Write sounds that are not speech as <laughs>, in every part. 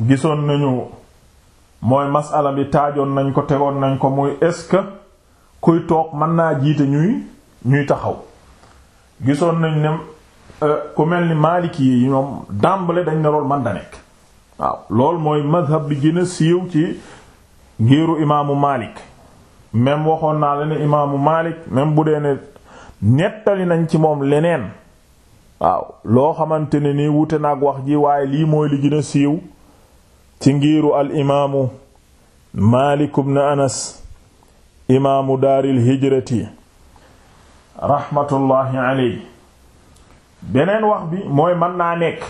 gisoon nañu mooy masala bi taajoon nañ ko tegoon nañ ko muy est-ce que kuy toog mën naa jiite ñuy ñuy taxaw gisoon nañ ne euh, ku mel ni maaliki yi ñoom dàmbale dañ ne lool man da nekk waaw loolu mooy madhab bi gën a siiw ci ngiiru imaamu Maalik même waxoon naa la ne imaamu Maalik même bu dee ne nettali nañ ci moom leneen waaw loo xamante ne nii wute naag wax ji waaye lii mooy li gën a siiw ci ngiiru al imaamu Maalik ibn Anas imaamu daaril hijrati rahmatullahi alayhi beneen wax bi mooy mën naa nekk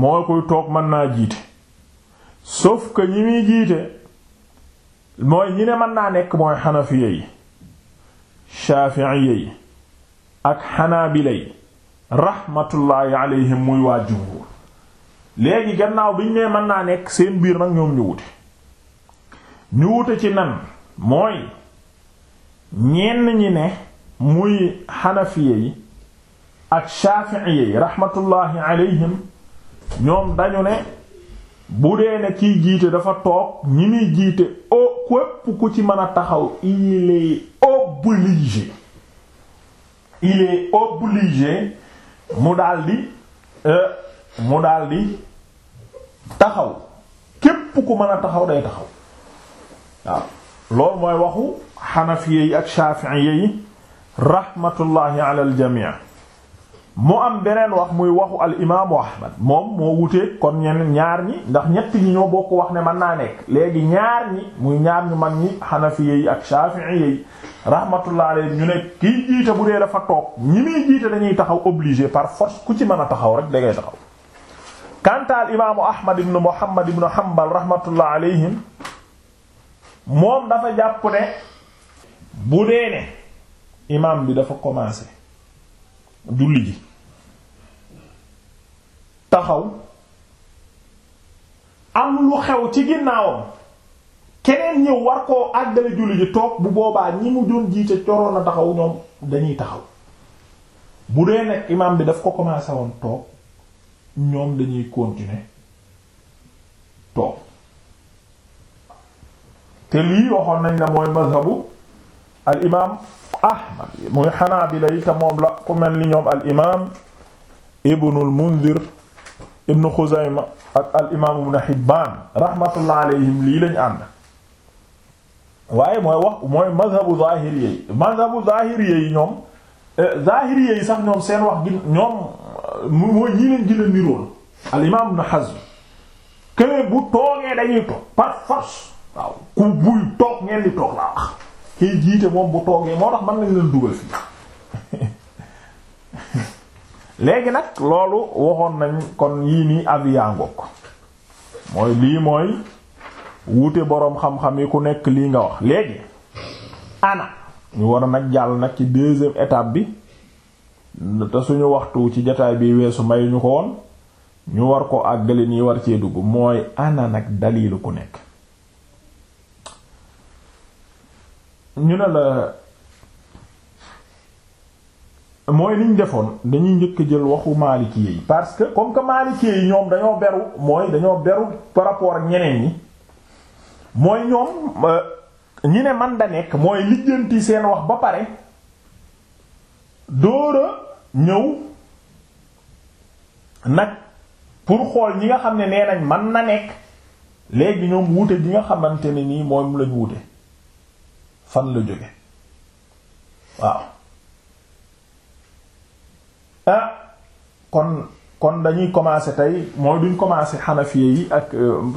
moo koy toog mën naa jiite sauf que jiite mooy ñi ne mën naa nekk mooy xanafiya yi shaafiiya yi ak xanaabila yi alayhim muy waa jumhur léegi gannaaw bi ñu nee mën naa nekk seen biir nag ñoom ñu wute ñu wute ci nan mooy ñenn ñi ne muy xanafiye yi ak shaafiiye yi raxmatullaahi alayhim ñoom dañu ne bu dee ne kiy jiite dafa toog ñi muy jiite o képp ku ci mën a taxaw il est obligé il mu daldi euh, mu daldi taxaw képp ku mën a taxaw day taxaw waaw loolu mooy waxu xanafiye yi ak shafi'iye yi rahmatullahi ala aljamii mu am beneen wax muy waxu al imaamu ahmad moom moo wutee kon ñeneen ñaar ñi ndax ñett ñi ñoo bokk wax ne mën naa nekk léegi ñaar ñi muy ñaar ñu mag ñi xanafiye yi ak shafi'iye yi rahmatullah alayhi ñu ne kiy jiite bu dee dafa toog ñi muy jiite dañuy taxaw obligé par force ku ci mën a taxaw rek da taxaw kantaal imaamu ahmad ibnu muhammad ibnu hanbal rahmatullah alayhim moom dafa jàpp ne bu dee ne imaam bi dafa commencé julli ji taxaw am lu xew ci ginnaawam keneen ñëw war koo àggale julli ji toog bu boobaa ñi mu doon jiite coroon a ñoom dañuy taxaw bu dee nekk imaam bi daf ko commencé woon toog ñoom dañuy continuer toog te lii waxoon nañ la mooy mazhabu al imaam ahmad muy xanaabila yi te moom la ku mel ni ñoom al imaam ibnul mundir ibnu xuzayma ak al imaam ibnu hibbaan rahmatullah alayhim lii lañ ànd waaye mooy mooy mazhabu zahiriya yi mazhabu zahiriya yi ñoom eh, zahiriya sax ñoom seen wax gi ñoom mooy ñi leen gën a niroon al imaam Ibn Hazm bu toogee dañuy toog par force waaw ku buy toog ngeen di toog laa wax kiy jiite moom bu toogee moo tax mën nañ leen dugal fii <laughs> léegi nag loolu waxoon nañ kon yii nii avian mooy lii mooy wuute boroom xam-xam yi ku nekk lii nga wax léegi ana ñu war nag jàll nag ci deuxième étape bi te suñu waxtu ci jataay bii weesu may ñu ko woon ñu war ko àggale nii war cee dugg mooy ana nag ku nekk ñu ne la mooy liñ defoon dañuy njëkk jël waxu Maliki yi parce que comme que Maliki yi ñoom dañoo beru mooy dañoo beru rapport ak ñeneen yi mooy ñoom euh, ñi ne man da nekk mooy lijjanti seen wax ba pare dóora ñëw nag pour xool ñi nga xam ne nee nañ man na nekk léegi ñoom wuute gi nga xamante ne nii moom lañ wuute fan la jóge waaw ah kon kon dañuy commencer tey mooy duñ commencer xanafiye yi ak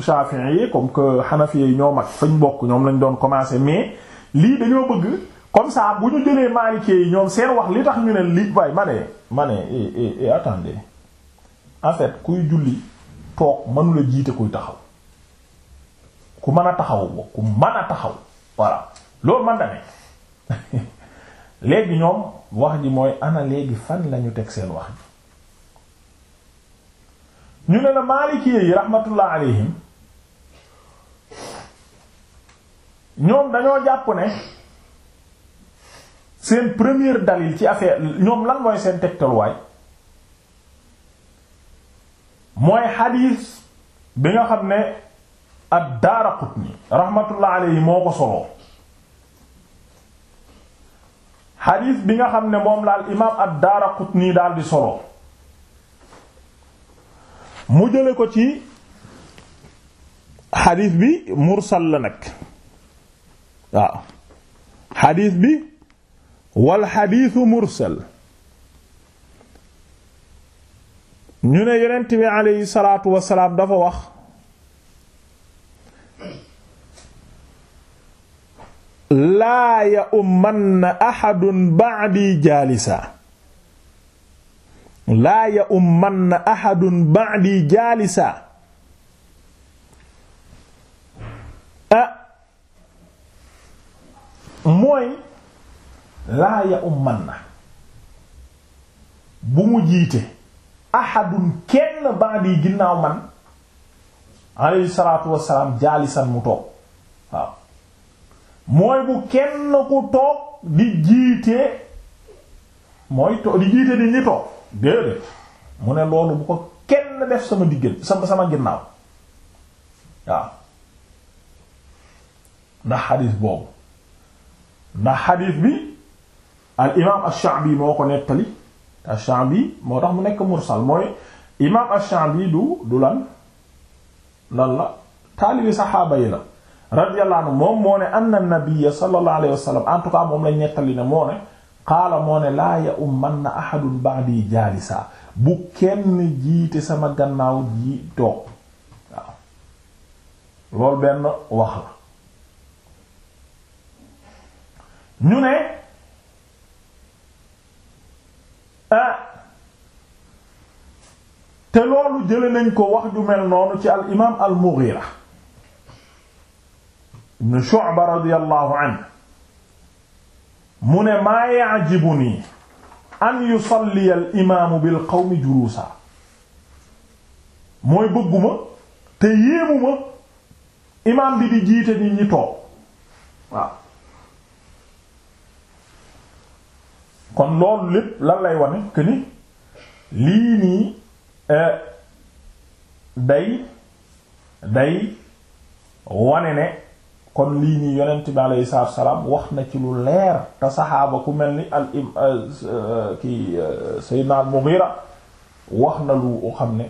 chafi'i euh, yi comme que xanafiye yi ñoo mag fañ bokk ñoom lañ doon commencer mais lii dañoo bëgg comme saa bu ñu jëlee maalikee yi ñoom seen wax li tax ñu ne li waaye ma ne ma ne eh, eh, eh, eh en fait kuy julli toog mënula jiite kuy taxaw ku mën a taxaw bo ku taxaw voilà loolu man da <laughs> léegi ñoom wax ji mooy ana léegi fan lañu teg seen wax ji ñu ne la maalikee yi rahmatullah alayhim ñoom dañoo jàpp ne seen premier dalil ci affaire ñoom lan mooy seen tegtalwaay mooy xadiis bi nga xam ne ad-Daaraqutni rahmatullah alayhi moo ko soloo xadiis bi nga xam ne moom laal imaam ad-Daaraqutni daal di soloo mu jële ko ci xadiis bi mursal la nag waaw xadiis bi wal xadiisu mursal ñu ne yonent bi aleyhi salaatu dafa wax laa ya ummanna axadun ba'di jaalisa laa ya ummanna axadun jaalisa a ah, mooy laa ya umman na bu mu jiite ahadun kenn ba'di ginnaaw man alayhi salaatu wassalaam jaalisan mu toog waaw mooy bu kenn ku toog di jiite mooy to di jiite di ñi toog déedéet mu ne loolu bu ko kenn def sama diggal sama sama ginnaaw waaw ndax xadiis boobu ndax xadiis bi al imaam ash-Sha'bi moo ko nettali ash-Sha'bi moo tax mu nekk mursal mooy imaam ash-Sha'bi du du lan lan la taalibi saxaaba la radiyallahu anhu moom moo ne anna nabiyya sallallahu alayhi wa sallam en tout moom lañ nettali ne moo ne qaala moo ne laa ya ummanna ahadun ba'di jaalisa bu kenn jiite sama gannaaw ji toog loolu benn wax la ñu ne ah te loolu jële nañ ko wax ju mel noonu ci al imaam al Mughira ibn Shu'ba radiyallahu anhu mu ne maa ya'jibuni an yusalli al imaamu bil qawmi juluusa mooy bëgguma te yéemuma imaam bi di jiite nit ñi toog waaw kon loolu lépp lan lay wane que ni lii nii euh, day day wane ne kon lii nii yonent bi alayhi salaatu salaam wax na ci lu leer te saxaaba ku mel ni al im euh, euh, ki Seydina Mughira wax na lu xam ne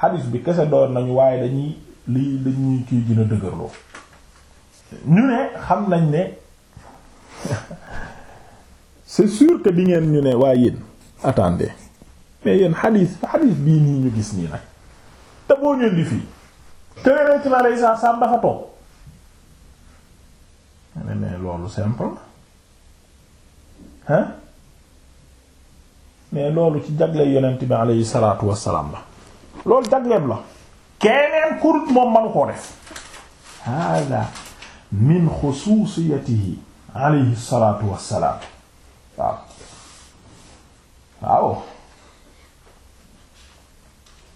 xadiis bi kese doon nañu waaye dañuy lii dañuy kii gën a dëgërloo ñu ne xam nañ ne c'est sûr que di ngeen ñu ne waa yéen attendez mais yéen xadiis xadiis bii nii ñu gis nii nag te boo ñëw di fii te yeneen ci saam dafa toog ne mais loolu simple hein mais loolu ci jagle yonent bi alayhi salaatu wassalaam la loolu jagleem la keneen kurut moom manu koo def hada min xususiyatihi alayhi salaatu wassalaam waaw waaw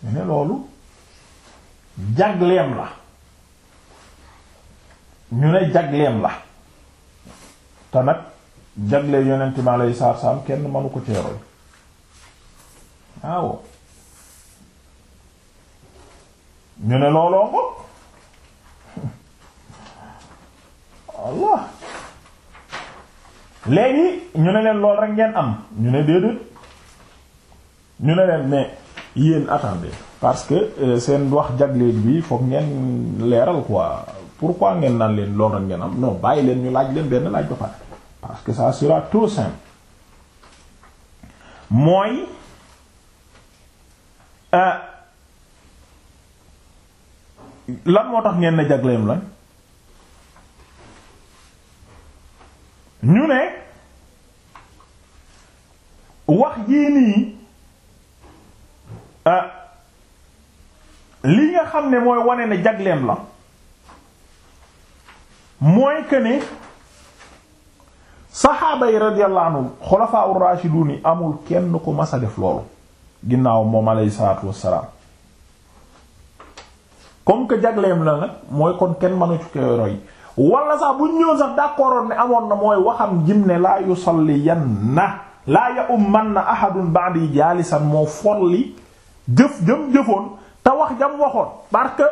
ñu ne loolu jagleem la ñu ne jagleem la te nag jagle yonent mi alayhi salaatu kenn mënu ko teeroy waaw ñu ne looloo ko <laughs> Allah léegi ñu ne leen lool rek ngeen am ñu ne déedéet ñu ne leen mais yéen attendez parce que euh, seen wax jagleet bi foog ngeen leeral quoi pourquoi ngeen naan leen lool rek ngeen am non bàyyi leen ñu laaj leen benn laaj ba pare parce que ça sera trop simple mooy euh, la moo tax ngeen ne jagleem la ñu ne wax jii nii euh, li nga xam ne mooy wane ne jagleem la mooy que ne saxaaba yi radiyallahu anhum xulafaa ur-raashidun yi amul kenn ko mas a def loolu ginnaaw moom alayhi salaatu wassalaam comme que jagleem la nag mooy kon kenn mënu ci koy roy wala sax bu ñëw sax d'accordoon ne amoon na mooy waxam jim ne laa yusalliyanna laa ya ummanna ahadun ba'di jaalisan moo folli jëf jëm jëfoon te wax jam waxoon parce que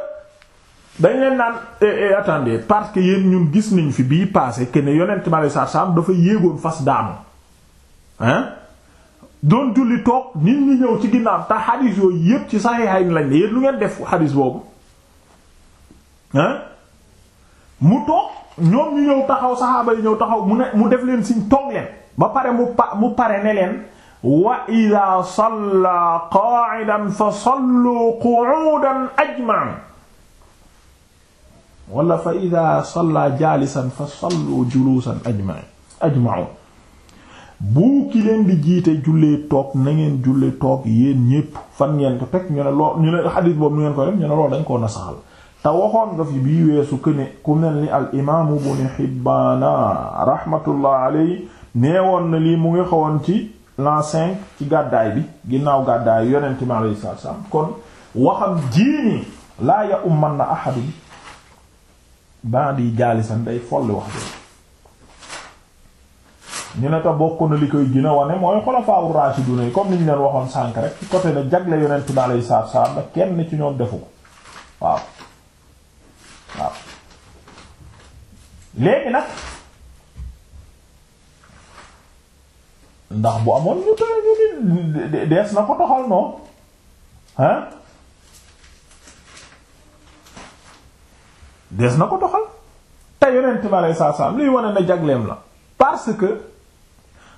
dañ leen naan eh, eh attendez parce que yéen ñun gis nañ fi bii passé kenn ne yonent ma lay saa saam dafa yéegoon fas daanu hein doon julli toog nit ñi ñëw ci ginnaaw te xadis yooyu yépp ci saxiixayn lañ ne yéen lu ngeen def xadis boobu mu toog ñoom ñu ñëw taxaw saxaaba yi ñëw taxaw mu ne mu def leen siñ toog leen ba pare mu pa mu pare ne leen wa ida salla qa'idan fa sallu qu'udan ajma'an wala fa ida salla jalisan fa sallu julusan ajma'an ajma'un bu ki leen di jiite jullee toog na ngeen jullee toog yéen ñépp fan ngeen ko ñu ne loo ñu ne xadiis boobu ñu ngeen koy def ñu ne loolu dañ koo nasaxal te waxoon nga fi bii weesu këne ku mel ni al imaamu ibn Hibbaana rahmatullah alayhi neewoon na lii mu ngi xawoon ci l'an ci gàddaay bi ginnaaw gàddaay yonent mi alayhi salaatu salaam kon waxam jiini laa ya umman na ahadun ba'di jaalisan day folli wax bi ñu ne te bokk na li koy gën a wane mooy xulafaa raashidun comme niñ leen waxoon sànk rek ci côté na jagle yonent mi alayhi salaatu salaam kenn ci ñoom defu ko waaw léegi nag ndax bu amoon ñu tëra dees na ko toxal noonu ah dees na ko doxal te yonent bi alei saatu salaam liy wane na jagleem la parce que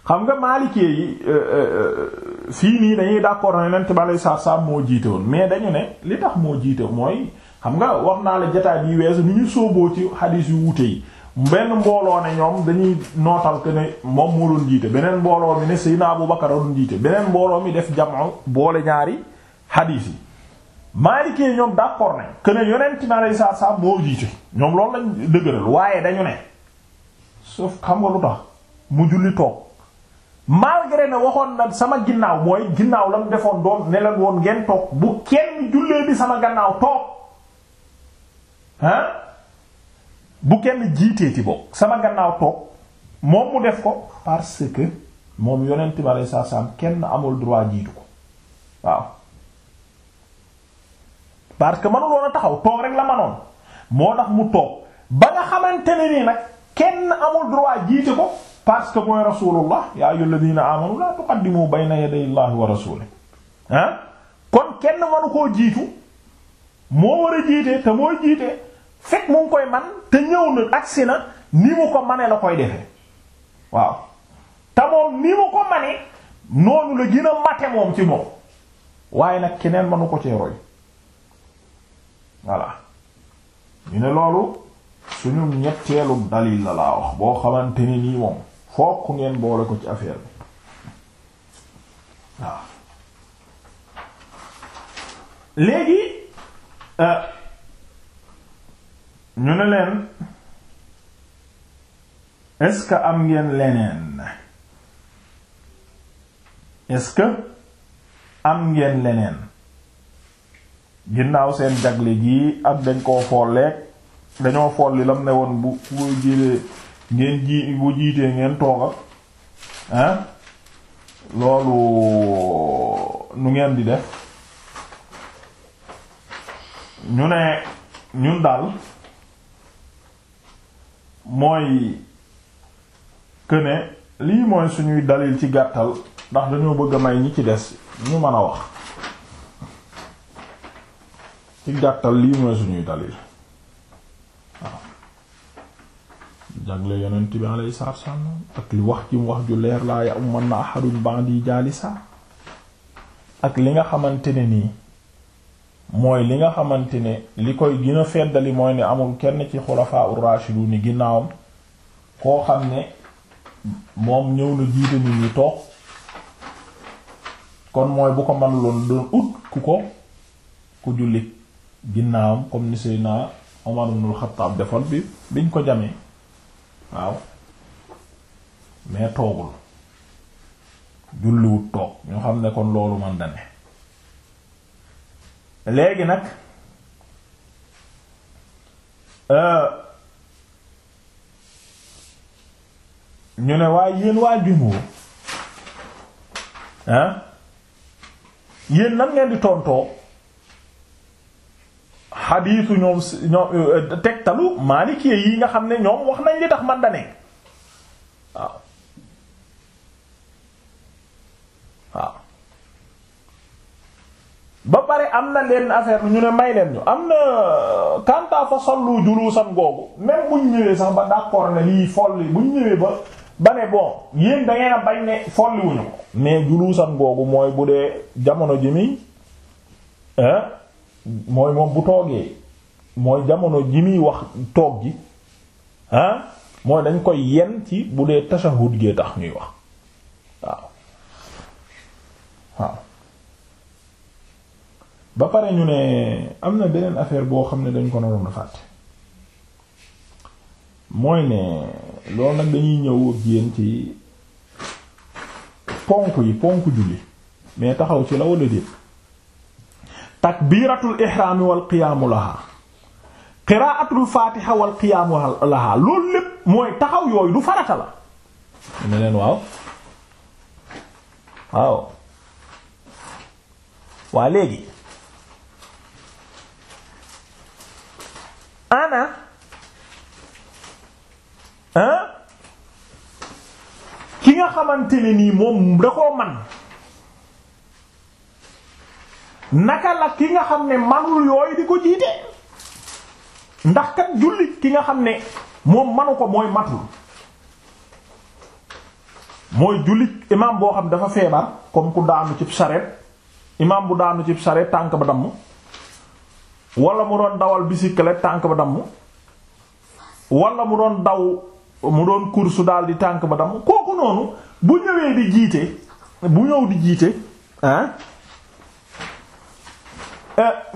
xam nga maalikee yi euh, euh, fii nii dañuy d'accord na yonent bi alei saatu moo jiite mais dañu ne li tax moo jiitoo mooy xam nga wax naa la jotaay bi weesu ni ñu sooboo ci xadiis yu wuute yi benn mbooloo ne ñoom dañuy nootal que ne moom moo doon jiite beneen mbooloo mi ne Seydina Abu Bakar doon jiite beneen mbooloo mi def jamono boole ñaari hadith yi Maliki ñoom d'accord nañ que ne yonent mi alayhi salaatu salaam moo jiite ñoom loolu lañ dëgëral waaye dañu ne sauf xam nga lu tax mu julli toog malgré ne waxoon na sama ginnaaw mooy ginnaaw la mu defoon doon ne leen woon ngeen toog bu kenn jullee bi sama gannaaw toog ah. bu kenn jiiteeti bokk sama gannaaw toog moom mu def ko parce que moom yonent bi aleyhi salaatu salaam kenn amul droit jiitu ko waaw parce que mënuloon a taxaw toog rek la manoon moo tax mu toog ba nga xamante ne nii nag kenn amul droit jiite ko parce que mooy rasulullah yaa ayyuhal ladina amanu la tuqaddimu bayna yaday wa rasulihi ah kon kenn mënu koo jiitu moo war a jiite te mooy jiite fekk mu koy man te ñëw na agsi na ni mu ko mane la koy defee waaw te moom ni mu ko mane noonu la gën a mate moom ci moom waaye nag keneen manu ko cee roy voilà ñu ne loolu suñu ñetteelu dalil la laa wax boo xamante ni nii moom fokk ngeen boole ko ci affaire bi waaw léegi euh, ñu ne leen est-ce que am ngeen leneen est-ce que am ngeen leneen ginnaaw seen jagle gi ak dañ koo folleeg dañoo folli lam ne woon bu bu jilee ngeen ji bu jiitee ngeen tooga ah loolu nu ngeen di def ñu ne ñun daal mooy que lii mooy suñuy dalil ci gàttal ndax dañoo bëgg a may ñi ci des ñu mën a wax ci gàttal lii mooy suñuy dalil waaw jagle yonent bi alayhi salaatu wassalaam ak li wax ci mu wax ju leer laa ya umman na ahadun ba'di jaalisa ak li nga xamante ne nii mooy li nga xamante ne li koy gën a feddali mooy ne amul kenn ci xulafaa ur-rashidun ni ginnaawam koo xam ne moom ñëw na jiite ñu toog kon mooy bu ko man loon doon ut ku ko ku jullit ginnaawam comme ni Seydina Omar ibn al-Khattab defoon bi biñ ko jamee waaw mais toogul julliwut toog ñu xam ne kon loolu man dane léegi nag euh, ñu ne waaye yéen waa jumhur ah yéen nan ngeen di tontoo xadiisu ñoom si ñoom euh, tegtalu maalikee yi nga xam ne ñoom wax nañ li tax man da ba pare am na leen affaire ñu ne may leen ñu am na kanta fa sallu julusan googu même buñ ñëwee sax ba d'accord ne lii folli buñ ñëwee ba ba ne bon yéen da ngeen bañ ne folli ko mais julusan googu mooy bu dee jamono ji muy mooy moom bu toogee mooy jamono ji muy wax toog gi ah mooy dañ koy yenn ci bu dee tashahhud gee tax ñuy wax waaw waaw ba pare ñu ne am na beneen affaire boo xam ne dañ ko naroon a fàtte mooy ne loolu nag dañuy ñëw ak yéen ci ponk yi ponk julli mais taxaw ci la wala déet takbiratul ihraami wal qiyaamu laha qiraatul fatiha wal qiyaamu laha loolu lépp mooy taxaw yooyu lu farata la ne leen waaw waaw waa léegi ana ah ki nga xamante ne nii moom da koo man naka la ki nga xam ne manul yooyu di ko jiite ndax kat jullit ki nga xam ne moom manu ko mooy matul mooy jullit imaam boo xam dafa feebar comme ku daanu cib sareet imaam bu daanu cib sareet tànk ba damm wala mu doon dawal bicyclette tànk ba damm wala mu doon daw mu doon course daal di tànk ba damm kooku noonu bu ñëwee di jiite bu ñëw di jiite ah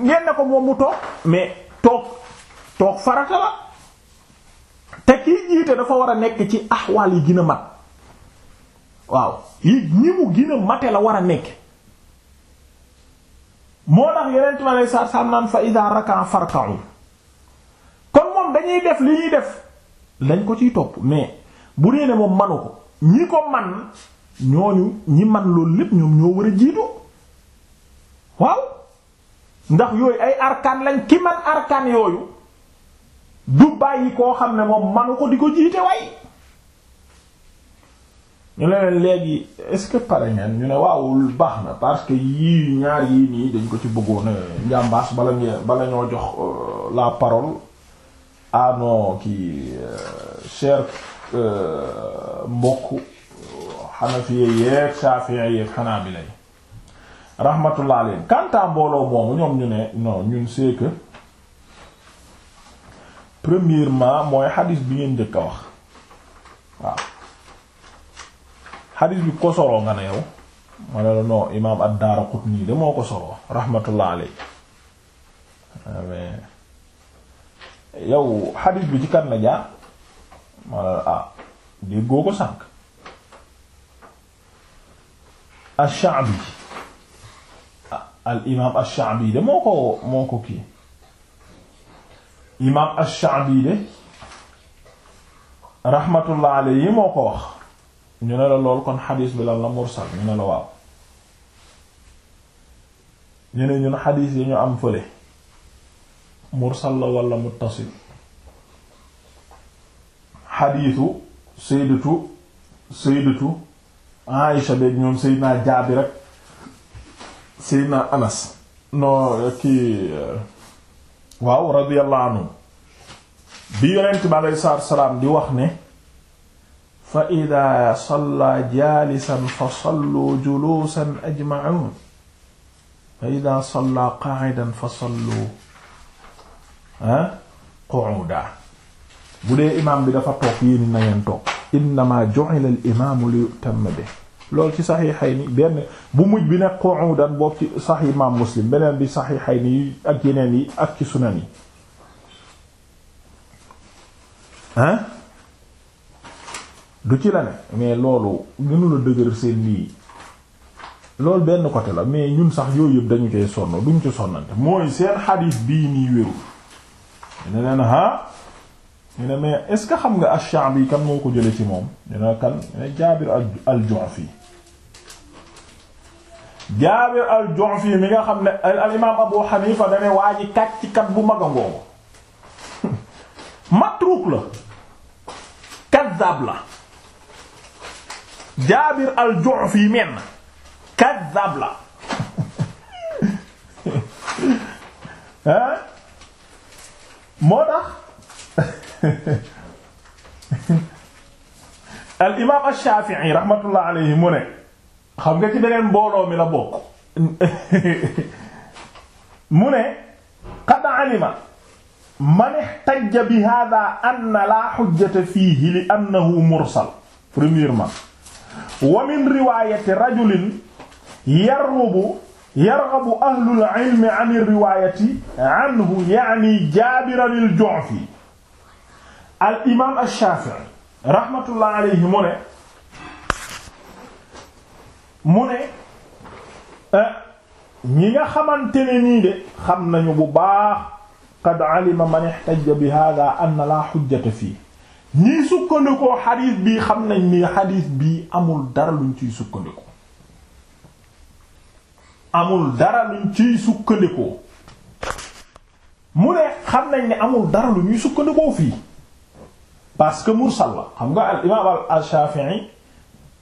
ngeen ne ko moom mu toog mais toog toog farata la te kii jiite dafa war a nekk ci axwaal yi gën a mat waaw yi ñi mu gën mate la war a nekk moo tax yeneen ma lay sa sam naan fa ida raka farka'u kon moom dañuy def li ñuy def lañ ko ciy topp mais bu dee ne moom manu ko ñi ko man ñooñu ñi man loolu lépp ñoom ñoo war a jiitu waaw ndax yooyu ay arkaan lañ ki man arkaan yooyu du bàyyi koo xam ne moom manu ko di ko jiite way ñu leen léegi est-ce que pare ngeen ñu ne waawul baax na parce que yii ñaar yii nii dañ ko ci bëggoon njàmbaas bala ngeen bala ñoo jox euh, la parole ano nos kii euh, cher euh, mbokk xanafiye yeeg saafiye yeeg xanaa bi lay rahmatullah alayhim kanta mbooloo moomu ñoom ñu ne non ñun c'est premièrement mooy xadis bi ngeen njëkk a wax waaw xadis bi ko soroo nga ne yow ma ne la non imaam ad-Daaraqutni de moo ko soroo rahmatullah alayhi yow xadis bi ci kan la jaar ma ne ah, déggoo ko sànq ash-Sha'bi al imaam ash-Sha'bi de moo ko moo ko kii imaam ash-Sha'bi de rahmatullah alayhi moo ko wax. ñu ne la lool kon xadiis bi lan la mursal ñu ne la waaw ñu ne ñun xadiis yi ñu am fële mursal la wala muttasil xadiisu sayyidatu sayyidatu Aisha beeg ñoom sayyidna Jaabir rek sayyidna Anas no kii waaw radiyallahu anhu bi yonent bi aleyhi salaatu wa salaam di wax ne fa ida salla jaalisan fa sallu juluusan ajmacuun fa ida salla qaacidan fa sallu ah qucuuda bu dee imaam bi dafa toog yéen na ngeen toog innama jucila al imaamu li yutamma bi loolu ci saxiixayni benn bu mujj bi nekk qu'udan boobu ci sax imaam muslim beneen bi saxiixayni yi ak yeneen yi ak ci sunan yi ah du ci la ne mais loolu gënu la dëgër seen lii loolu benn côté la mais ñun sax yooyu yëpp dañu koy sonn duñ ci sonnante mooy seen xadiis bii nii wérul ñu ne leen ha ah? ñu ne mais est-ce que xam nga ash bi kan moo ko jële ci moom ñu ne kan ñu Jaabir al-Ju'fi Jaabir al-Ju'fi mi nga xam ne al imaam Abu Hanifa da ne waa ji kàccikat bu mag a ngoogu <laughs> matruuk la kaddaab la jaabir al-Ju'fi men kaddaab la <laughs> moo tax <laughs> al imaam ash-Shafi'i rahmatullah alayhi mu ne xam nga ci beneen mbooloo mi la bokk <laughs> mu ne qad alima man ihtajja bi hadha anna la hujjata fihi li annahu mursal premièrement wa min riwaayati rajulin yarghabu yarghabu ahlul ilmi an riwaayati anhu yaani Jaabir al-Ju'fi al imaam ash-Shaafi'i rahmatullah alayhi mu ne mu ne eh, ñi nga xamante ne nii de xam nañu bu baax qad alima man ihtajja bi haaza anna laa hujjata fii ñii sukkandikoo xadiis bii xam nañ ni xadiis bii amul dara luñ ciy sukkandikoo amul dara luñ ciy sukkandikoo mu ne xam nañ ni amul dara lu ñuy sukkandikoo fii parce que mursal la xam nga al imaam al Shafi'i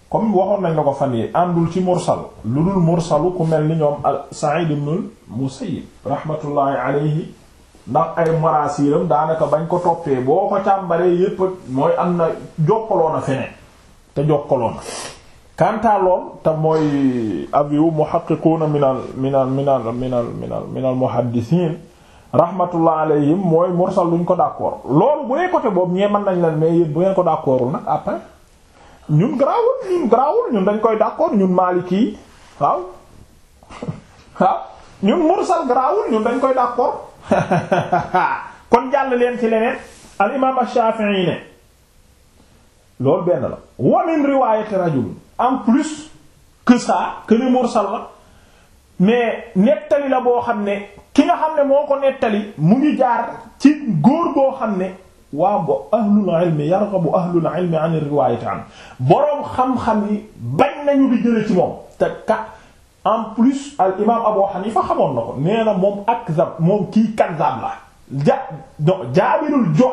comme waxoon nañ la ko fan yi àndul ci mursal lu dul mursalu ku mel ni ñoom al Sa'id ibn al Musayyib rahmatullahi alayhi ndax ay maraasiiram daanaka bañ ko toppee boo ko càmbaree yépp mooy am na jokkaloon a feneen te jokkaloon a lool te mooy aviu muhaqqiquuna minal minal minal minal minal minal muhaddisiin rahmatullah alayhim mooy mursal luñ ko d'accord loolu bu dee côté boobu ñee mën nañ leen mais yéen bu ngeen ko d'accordul nag après ñun garaawul ñun garaawul ñun dañ koy d'accord ñun maaliki yi waaw <laughs> dañ koy d'accord <laughs> kon jàll leen ci leneen al imaam Shafi'i ne loolu benn la wa min riwaayati rajul en plus que ça que ni mursal la mais nettali la boo xam ne ki nga xam ne moo ko nettali mu ngi jaar ci góor boo xam ne waa bo ahlul ilmi yarghabu ahlul ilmi an riwaayati am boroom xam-xam yi bañ nañu bi jële ci moom te ka en plus al imaam Abu Hanifa xamoon na ko nee na moom akzab moom kii kazzab la ja non jaabirul jo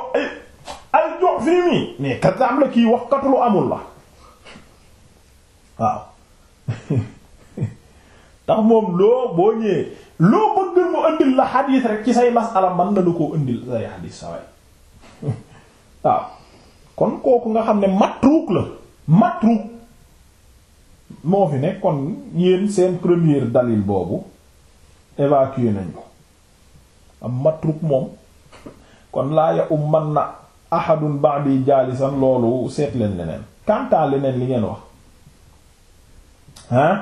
al fii nii mais kazzab la kii wax katulu amul la waaw <laughs> ndax moom loo boo ñëwee loo bëgg mu indil la xadiis rek ci say masala mën na lu koo indil say xadiis saway <laughs> waaw kon kooku nga xam ne matruuk la matruuk moo fi nekk kon yéen seen première dalil boobu évacué nañ am matruk moom kon laa ya um man na ahadun ba'di jaalisan loolu seet leen leneen kantaa leneen li ngeen wax hein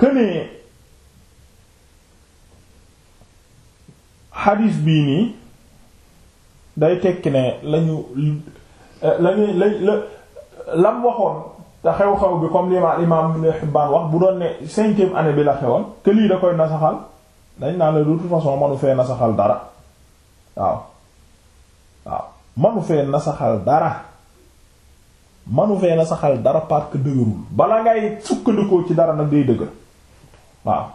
kënee xadiis bii nii day tekki ne lañu Euh, lañuy lañ la lam waxoon xew-xew bi comme lima imam wax bu doon ne cinquième année bi la xewoon que lii da koy nasaxal dañ naa la de toute façon manu fee nasaxal dara waaw waaw manu fee nasaxal dara manu fee nasaxal dara parce que dëgërul bala ngay sukkandikoo ci dara nag day dëgër waaw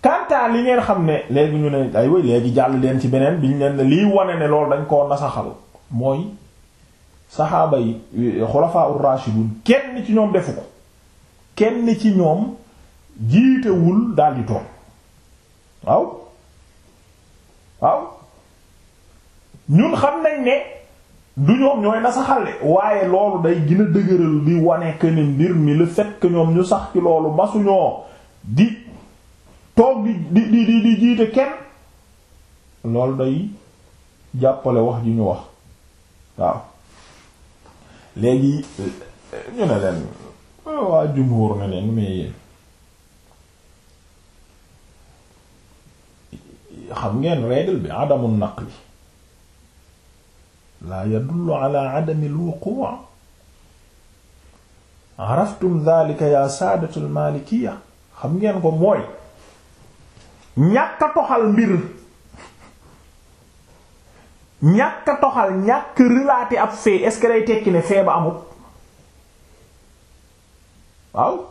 kantaa li ngeen xam ne léegi ñu ne ay way léegi jàll leen ci beneen biñ leen lii wane ne loolu dañ koo nasaxal mooy saxaaba yi xulafaa ur-rashidun kenn ci ñoom defu ko kenn ci ñoom jiitewul daldi toog waaw waaw ñun xam nañ ne du ñoom ñooy na saxale waaye loolu day gën a dëgëral bi wane que ne mbir mi le fait ñoom ñu sax ci loolu masuñoo di toog di di di di jiite kenn loolu day jàppale wax ji ñu wax waaw léegi ñu ne leen waa jumhur ne bi adamu naqli laa yadullu ala adami alwuqu' araftum dhalika ya saadatu almalikiya xam ngeen ko mooy ñàkk a ñàkk a toxal ñàkk relater ab fee est-ce que day tekki ne fee ba amul waaw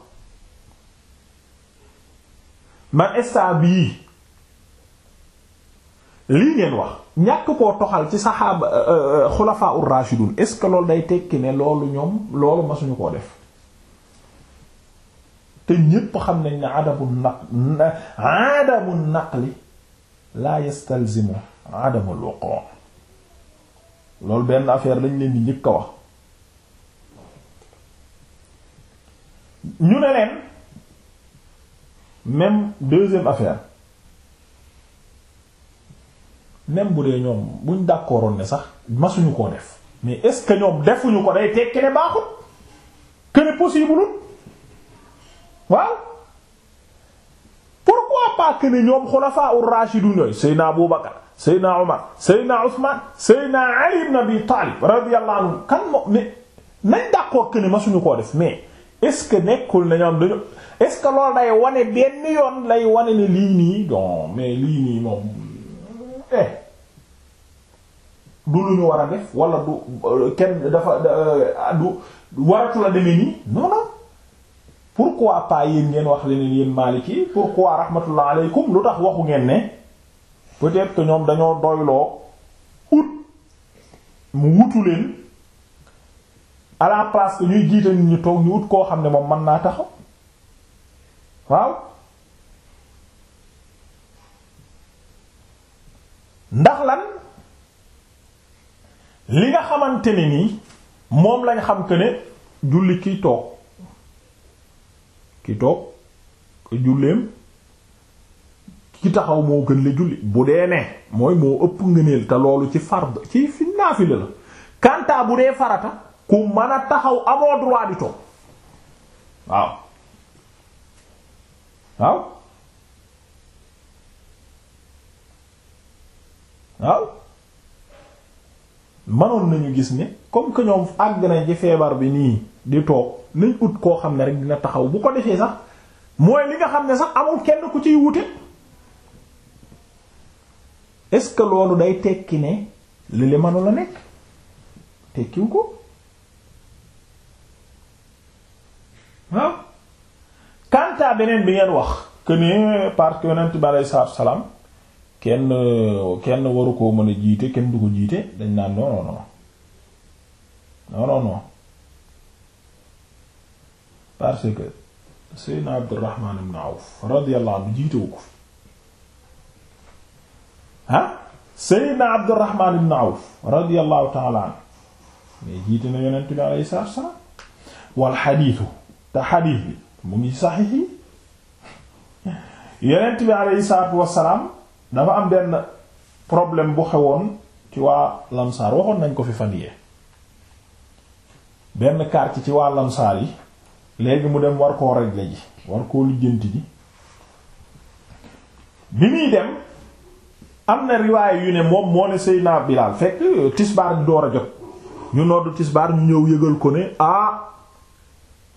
man instant bii lii ngeen wax ñàkk koo toxal ci saxaaba euh, euh, xulafaa ur rashidun est-ce que loolu day tekki ne loolu ñoom loolu masuñu koo def te ñépp xam nañ ne adamu naq adamu naqli la yastalzimu adamu al loolu benn affaire lañ leen di njëkk a wax ñu ne leen même deuxième affaire même bu dee ñoom buñ d'accordoon ne sax masuñu koo def mais est-ce que ñoom defuñu ko day tekki ne baaxul que possible waaw pourquoi pas que ne ñoom xulafaa ur-rashidun yooyu Seydina Abubakar Seydina Omar Seydina Ousmane Seydina Ali ibn Abi Talib radiyallahu anhu kan moo mais nañ dàqoo que ne suñu koo def mais est ce que nekkul na ñoom dañu est ce que loolu day wane benn yoon lay wane ne lii nii don mais lii nii moom eh du lu ñu war a def wala du euh, kenn dafa euh, du waratu la demee nii non non pourquoi pas yéen ngeen wax leneen yéen Maliki pourquoi rahmatullah aleykum lu tax waxu ngeen ne. peut-être ñoom dañoo doyloo ut mu wutu leen à la place ñuy jiite nit ñu toog ñu ut koo xam ne moom mën naa tax waaw ndax lan li nga xamante ne ni moom lañ xam que ne julli kiy toog ki toog julleem ci taxaw moo gën la julli bu dee ne mooy moo ëpp ngëneel te loolu ci fard ci fi naafila la kanta bu dee farata ku mën a taxaw amoo droit di toog waaw waaw waaw nañu gis ni comme que ñoom àgg nañ ci feebar bi nii di toog nañ ut koo xam ne rek dina taxaw bu ko defee sax mooy li nga xam ne sax amul kenn ku ciy wute est-ce que loolu day tekki ne lële mënu la nekk tekkiwu ko waaw kanta beneen bi ngeen wax que ne parce que yonent bi aleyhi salaatu wa salaam kenn kenn waru koo mën a jiite kenn du ko jiite dañ naan non non non non non non parce que Seydina Abdurrahman ibn Awf radiyallahu anhu jiitewu ko fi ah Seydina Abdurrahman ibn Awf radiyallahu ta'ala anhu mais jiite na yonent bi alayhi salaatu wal xadiisu te xadiis bi mu ngi saxiix yi yonent bi alayhi salaatu salaam dafa am benn problème bu xewoon ci waa Lamsaar waxoon nañ ko fi fan yee benn quartier ci waa Lamsaar yi léegi mu dem war koo régler ji war koo lijjanti ji bi muy dem. am na riwaay yu ne moom moo ne Seydina Bilaal fekk euh, tisbaar bi door a jot ñu nodd tisbaar ñu ñëw yëgal ko ne ah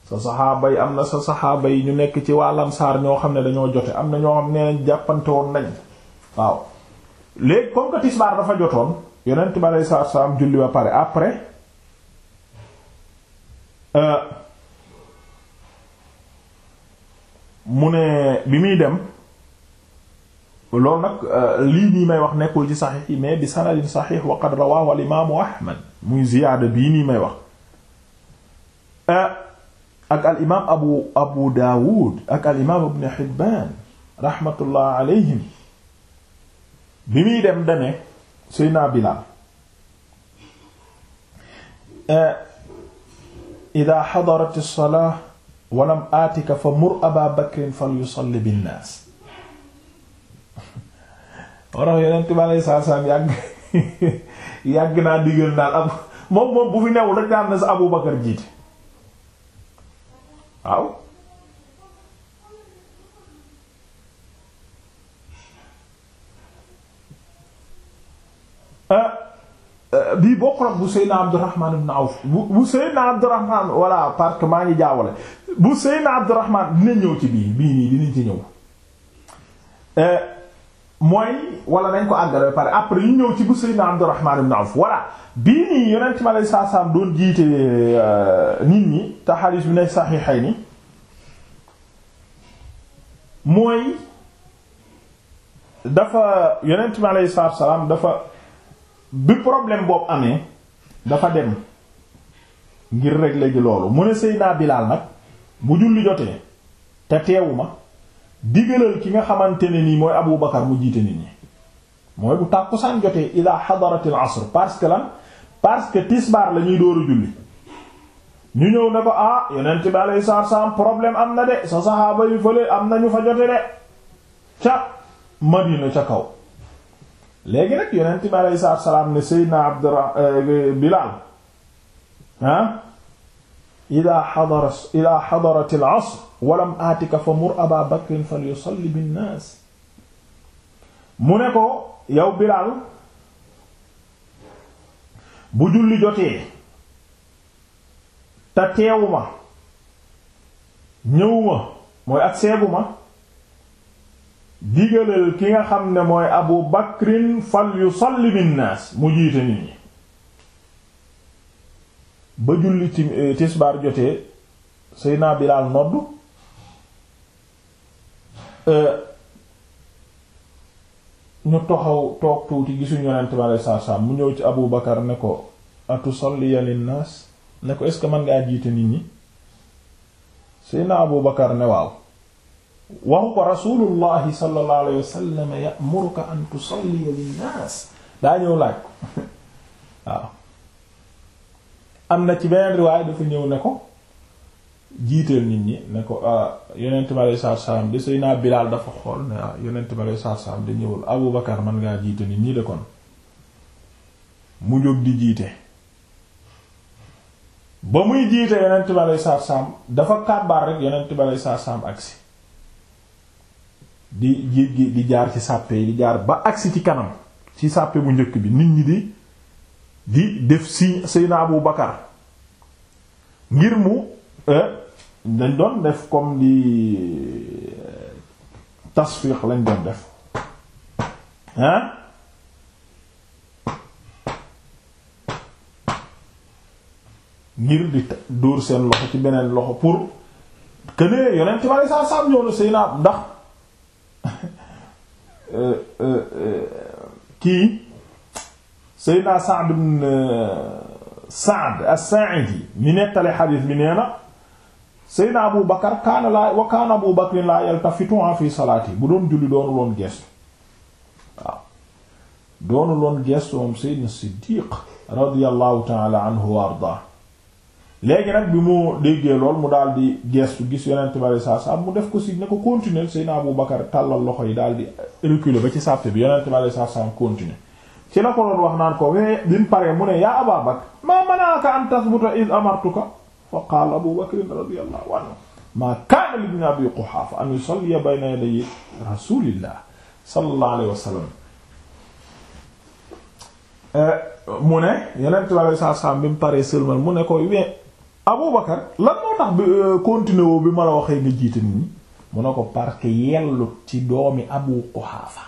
sa saxaaba yi am na sa saxaaba yi ñu nekk ci waa saar ñoo xam ne dañoo jote am na ñoo xam ne jàppante woon nañ waaw léegi comme que tisbaar dafa jotoon yonent bi aleyhi salaatu salaam julli ba pare après euh, mu ne bi muy dem loolu nag euh, lii nii may wax nekkul ci saxiix yi mais bi sanadin saxiix wa qad rawaahu al imaamu ahmad muy ziyaada bii nii may wax euh, ak al imaam abu abu daawud ak al imaam ibn hibbaan rahmatullah alayhim bi muy dem dane seyna bilaal euh, idaa xadarat as-salaa wa lam aatika fa mur abaa bakrin fal yusalli bin naas moo tax yonent bi aleyhi salaatu salaam yàgg <laughs> yàgg naa digal naan ab moom moom bu fi newul rek na sa Abu Bakar jiite waaw ah, ah, bii bokk la bu Seydina Abdurrahman ibn Awf bu bu Seydina Abdurrahman voilà parce que maa ngi jaawale bu Seydina Abdurrahman dina ñëw ci bii bii nii dinañ ci ñëw eh, mooy wala nañ ko àggale pare après yu ñëw ci bu Seydina Abdurrahman na Awf voilà bii nii yonent mi aleyhi salaatu salaam doon jiite euh, nit ñi te xadiis bi nekk saxiixay ni mooy dafa yonent mi aleyhi salaatu salaam dafa bi problème boobu amee dafa dem ngir rek léegi loolu mu ne Seydina Bilaal nag bu julli jotee te teewuma digalal ki nga xamante ni nii mooy Abu Bakar mu jiite nit ñi mooy bu tàkkusaan jotee ila xadaratil asr parce que lan parce que tisbaar la ñuy dóoru julli ñu ñëw ne ko ah yonent bi alayhi salaatu salaam problème am na de sa saxaaba yu fële am na ñu fa jote de ca Madina ca kaw léegi nag yonent bi alayhi salaatu salaam ne Seydina Abdurrahman eh, Bilaal ah ida xadara ida xadarat al asr walam aatika fa mur aba bakrin fal yusalli binnaas mu ne ko yow bilaal bu julli jotee te teewuma ñëwuma mooy ak seeguma digalal ki nga xam ne mooy abu bakrin fal yusalli binnaas mu jiite nit ba julli tim eh, tisbaar jotee Seydina Bilaal nodd eh, ñu toxaw toog tuuti gisuñu yonent bi alayhi salaatu salaam mu ñëw ci Abu Bakar ne ko atusalliya linnaas ne ko est-ce mën ngaa jiite nit ñi Seydina Abu Bakar ne waaw waxu ko rasuulullahi sallallahu alayhi wasallam ya'muruka an tusalliya linnaas daa ñëw laaj ko <laughs> waaw am na ci beneen riwaay dafa ñëw ne ko jiiteel nit ñi ne ko ah, yonent bi alayhi salaatu salaam de Seydina Bilaal dafa xool ne ah yonent bi alayhi salaatu salaam de ñëwul Abu Bakar man ngaa jiite nit ñi de kon mu jóg di jiite ba muy jiite yonent bi alayhi salaatu dafa kàbbaar rek yonent bi alayhi salaatu agsi di jiit di jaar ci sàppe yi di jaar ba agsi ci kanam ci sàppe bu njëkk bi nit ñi di di def si Seydina Abu Bakar ngir mu eh, dañ doon def comme di eh, tasfiix lañ doon def hein ngir di dóor seen loxo ci beneen loxo pour que ne yonent bi aleyhi salaatu salaam ñëw na ndax <laughs> eh, kii Seydina Sa'd ibn euh, Sa'd as-Sa'idi mi nettali xadiis bi nee na Seydina Abu Bakar kaana laa wa kaana Abu Bakrin laa yaltafitu fi salaati bu doon julli doonu loon gestu waaw doonu loon gestu moom Seydina Siddiq radiyallahu ta'ala anhu wa ardaa léegi bi mu déggee lool mu daal di gestu gis Yonent bi sallallahu alayhi wa sallam mu def ko si ne ko continuer Seydina Abu Bakar tàllal loxo yi daal di reculer ba ci sàppe bi Yonent bi sallallahu alayhi wa sallam ci la ko doon wax naan ko mais bi mu paree mu ne yaa Abaa Bakr maa manaaka an tasbuta iz amartuka fa qaala Abu Bakr radiyallahu anhu maa kaana li ibni Abi Quhaafa an yusalliya bayna yaday rasuulillah sallallahu alayhi wa eh, mu ne yeneen tubaab yi saa bi mu paree sëlmal mu ne ko mais Abu Bakr lan moo tax bi eh, continué bi ma la waxee nga jiite nit mu ne ko parce yellut ci doomi Abu Quhaafa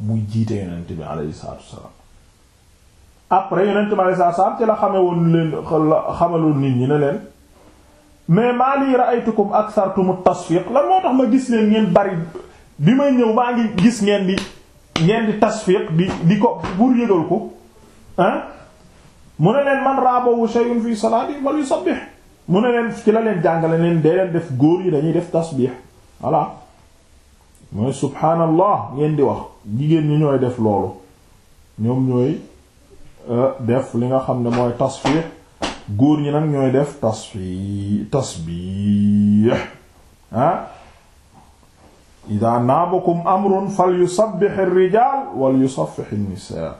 mu jiite yonent bi alayhi salaatu wassalaam après yonent bi alayhi salaatu wassalaam ci la xame woon leen xamaloon nit ñi ne leen mais maa li ra'aytukum akthartum tasfiq lan moo tax ma gis leen ngeen bari bi may ñëw maa ngi gis ngeen di ngeen di tasfiq di di ko pour yëgal ko ah mu ne leen man raabawu shay'un fi salaati wal yusabbih mu ne leen ci la leen jàngale leen dee leen def góor yi dañuy def tasbih voilà mooy subhaanallah ngeen di wax jigéen ñi ñooy def loolu ñoom ñooy euh, def li nga xam ne mooy tasfiix góor ñi nag ñooy def tasfi tasbiix ah ida naabakum amrun fal yusabbix ar-rijaal wal yusaffix an-nisaa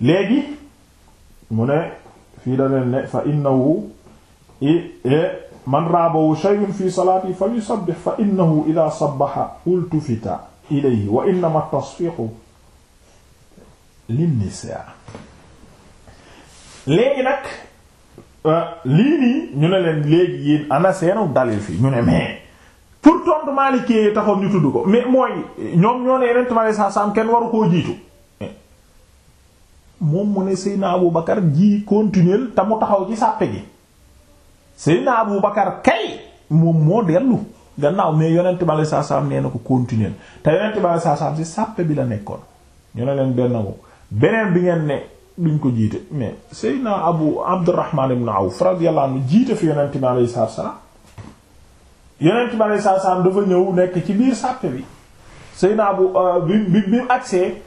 léegi mu ne fii da leen ne fa innahu i e man raabahu shay'un fi salaati falyusabbih fa innahu idha sabbaha ultufita ilayhi wa innama tasfiiqu linnisaa léegi nag euh, lii nii ñu ne leen léegi yéen ana seenu dalil fi ñu ne mais pour tontu maalikee taxoon ñu tudd ko mais mooy ñoom ñoo ne yeneen tamale saa saam kenn waru koo jiitu eh, moom mu ne Seydina Abu Bakar ji continuer te mu taxaw ci sàppe gi Seydina Abu Bakar kay moom moo dellu gannaaw mais yonent bi aleyhi salaatu nee na ko continuer te yonent bi aleyhi salaatu bi la nekkoon ñu ne leen benn beneen bi ngeen ne luñ ko jiite mais Seydina Abu Abdurrahman ibn Awf radiyallahu anhu jiite fi yonent bi aleyhi salaatu salaam yonent bi aleyhi salaatu dafa ñëw nekk ci biir sàppe bi Seydina Abu euh, bi bi bi mu agsee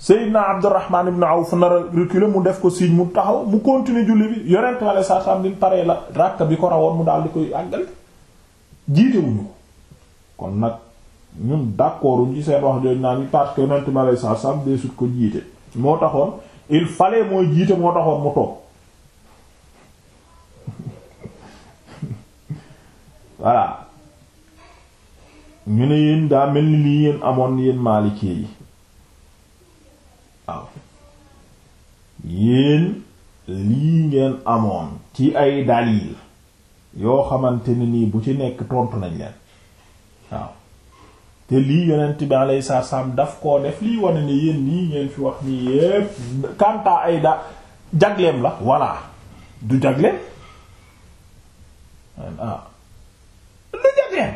Seydina Abdurrahman ibn Awf nar a reculer mu def ko signe mu taxaw mu continuer julli bi yonent wala saa saam di paree la rakk bi ko rawoon mu daal di koy àggal jiitewuñu ko kon nag ñun d'accorduñ ci seen wax jooju naan parce que yonent wala saa saam dee sut ko jiite moo taxoon il fallait mooy jiite moo taxoon mu toog <laughs> voilà ñu ne yéen daa mel ni lii yéen amoon yéen maalikee yi. waaw yéen lii ngeen amoon ci ay dalil yoo xamante ne nii bu ci nekk tontu nañ leen waaw te lii yonent bi alayhi salaam daf koo def lii wane ne yéen lii ngeen fi wax nii yépp kanta ay da jagleem la voilà du jagle ah du jagleem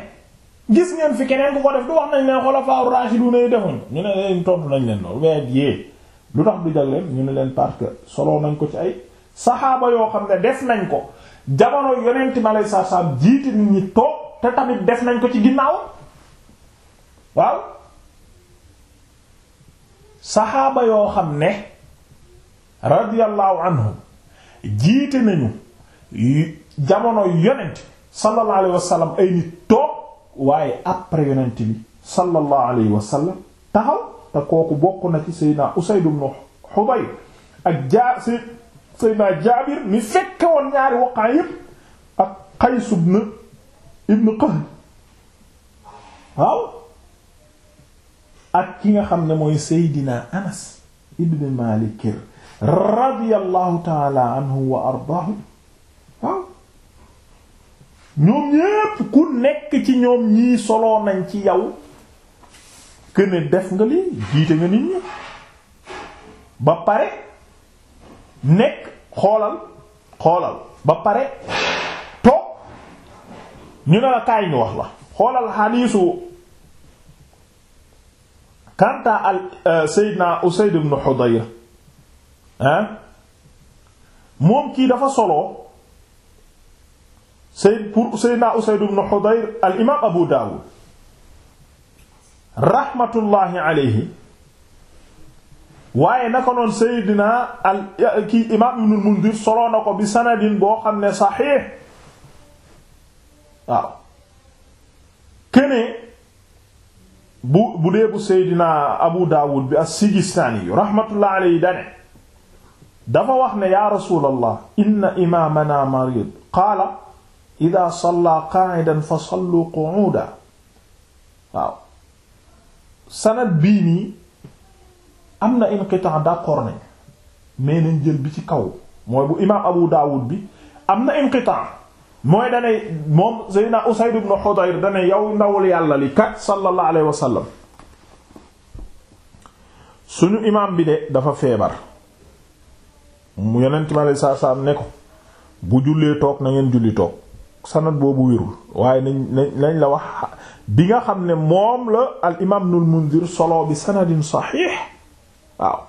gis ngeen fi keneen ku ko def du wax nañ leen xulafaa ar-raashidun defuñ ñu ne leen tontu nañ leen loolu waaye lu tax du jagleen ñu ne leen parce que solo nañ ko ci ay saxaaba yoo xam ne def nañ ko jamono yonent mi aleyhi salaatu salaam jiite te tamit def nañ ko ci ginnaaw waaw yoo xam ne radiyallahu anhum jiite nañu jamono yonent sallallahu alayhi wa ay nit toog waaye après yonent bi sallallahu alayhi taxaw te kooku bokk na ci Seydina Usayd ibn Hudayr ak ja Seydina Jaabir mi fekke woon ñaari waqaa yépp ak Qays ibn ibn Qahl waaw ak ki nga xam ne mooy Seydina Anas ibn Maalik radiyallahu taala anhu wa ardaahu waaw ñoom ñépp ku nekk ci ñoom ñii solo nañ ci yow que def nga lii jiite nga nit ñi ba pare nekk xoolal xoolal ba pare toog ñu ne la kaay ñu wax la xoolal xadiisu kanta al euh, Seydina Usayd ibn Hudayr ah moom kii dafa solo Seyd pour Seydina Usayd ibn Hudayr al imaam Abu Dawud rahmatullahi alayhi waaye naka noon Seydina al kii imaam Ibnul Mundir soloo na ko bi sanadin boo xam ne saxiix waaw kene bu bu dee bu Seydina Abu Daawud bi as-Sijistaani rahmatullah alayhi dane dafa wax ne yaa rasuulallah inna imaamana marid qaala idaa sallaa qaa'idan fa sallu qu'uudan waaw sanad bii nii am na inqitaa d'accord nañ mais nañ jël bi ci kaw mooy bu imaam Abu Dawud bi am na inqitaa mooy danay moom Seydina Usayd ibn Hudayr danay yow ndawul yàlla li kat sallallahu alayhi wa sallam suñu imaam bi de dafa feebar mu yonent mi alayhi salaam ne ko bu jullee toog na ngeen julli toog sanad boobu wérul waaye nañ nañ la wax bi nga xam ne moom la al imaam nul mundir solo bi sanadin saxiix waaw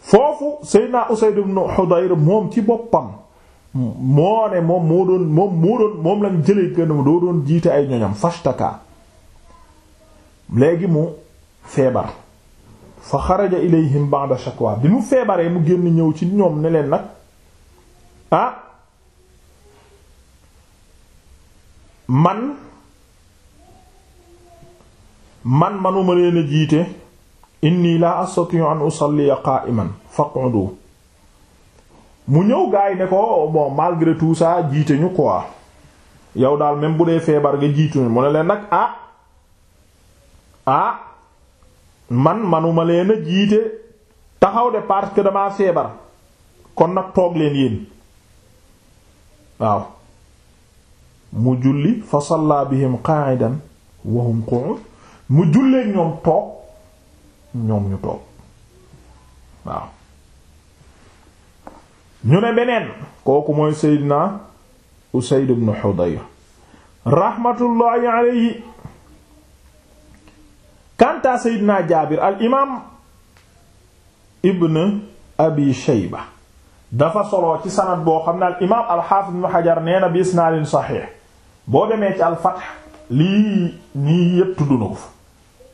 foofu Seydina Usayd ibn Hudayr moom ci boppam moo ne moom moom lañ jëlee gën a doo doon jiite ay ñoñam fashtaka léegi mu feebar fa xaraja ilayhim ba'da shakwa bi mu feebaree mu génn ñëw ci ñoom ne leen nag ah man man manuma leen a jiite inni laa astati an usalli qa'iman faq'udu mu ñëw gaay ne ko bon malgré jiite ñu quoi yow daal même bu dee feebar nga jiitu ñu mu ne leen nag ah ah man manuma leen jiite taxaw de parce que damaa feebar kon nag toog leen yéen waaw mu julli fa salla bihim qa'idan wa hum qu'ud mu jullee ñoom toog ñoom ñu toog waaw ñu ne beneen kooku mooy Seydina Usayd ibn Hudayr rahmatullahi alayhi kanta Seydina Jaabir al imaam ibn Abi Shayba dafa soloo ci sanad boo xam ne al imaam al-Hafiz ibn Hajar nee bi isnaadin saxiix boo demee ci alfath lii nii yépp tudd na ko fa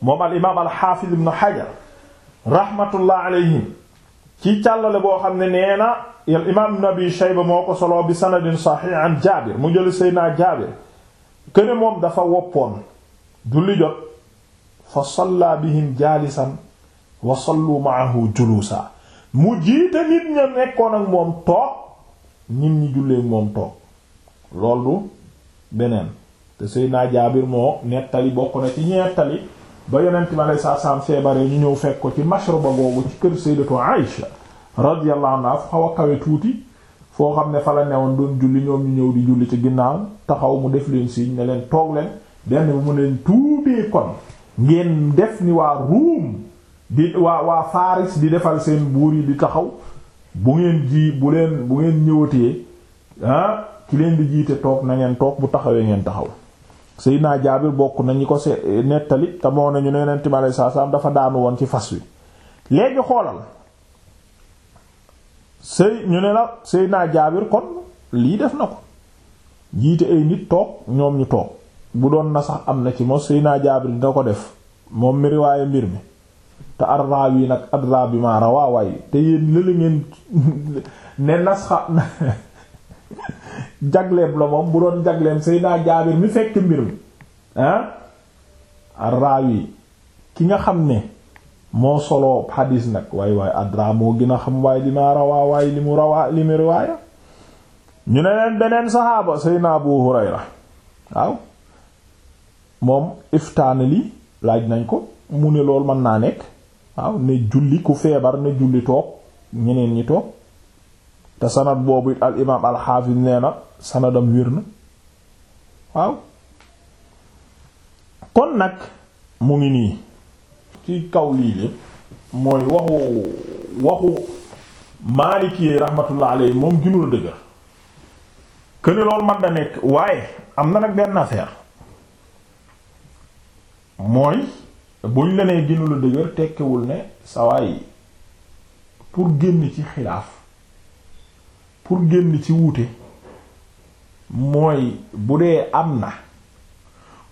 moom al imaam alxaafiz ibn hajar rahmatullah alayhim ci càllale boo xam ne nee na al imaam ibn abi shayba moo ko soloo bi sanadin sahih an jaabir mu jëli seydinaa jaabir këne moom dafa woppoon julli jot fa salla bihim jaalisan wa sallu ma'ahu juluusa mu jiite nit ña nekkoon ak moom toog nit ñi jullee moom toog loolu beneen te Seydina Jaabir moo nettali bokk na ci ñettali ba yonent mi aleyhi salaatu salaam feebaree ñu ñëw fekk ko ci mashruba googu ci kër Sayyidatu Aïsha radiyallahu anha fu xaw kawe tuuti foo xam ne fa la newoon doon julli ñoom ñu ñëw di julli ci ginnaaw taxaw mu def leen signe ne leen toog leen benn bi mu leen tuutee kon ngeen def ni waa Ruum di waa waa Faris di defal seen buur yi di taxaw bu ngeen ji bu leen bu ngeen ñëwatee ah ki leen di jiite toog nangeen toog bu taxawee ngeen taxaw naa Jaabir bokk nañu ko se eh, nettali te moo ne Yonent mi alayhi salaam dafa daanu woon ci fas wi léegi ñu ne la Seydina Jaabir kon lii def na ko jiite ay ñoom ñu toog bu doon na am na ci mos Seydina Jaabir dina ko def mbir mi te arraawi bi ma rawaawaay jagleem la moom bu doon jagleem Seydina Jaabir mi fekk mbir mi ah raawi ki nga xam ne moo solo xadiis nag waay waay adra moo gën a xam waaye dinaa rawaa waaye li mu rawaa li mu riwaaya ñu ne leen beneen saxaaba Seydina Abu Hurayra waaw moom iftaani li laaj nañ ko mu ne lool mën naa nekk waaw ne julli ku feebar ne julli toog ñeneen ñi toog te sanad boobu it al imaam al nee na sanadam wér na waaw kon nag mu ngi nii ci kaw lii li mooy waxu waxu Maliki rahmatullah alayhi moom junul dëgër këni loolu man da nekk waaye am na nag benn affaire mooy buñ la nee junul dëgër tekkiwul ne sawaay pour génn ci xilaaf pour génn ci wuute mooy bu dee am na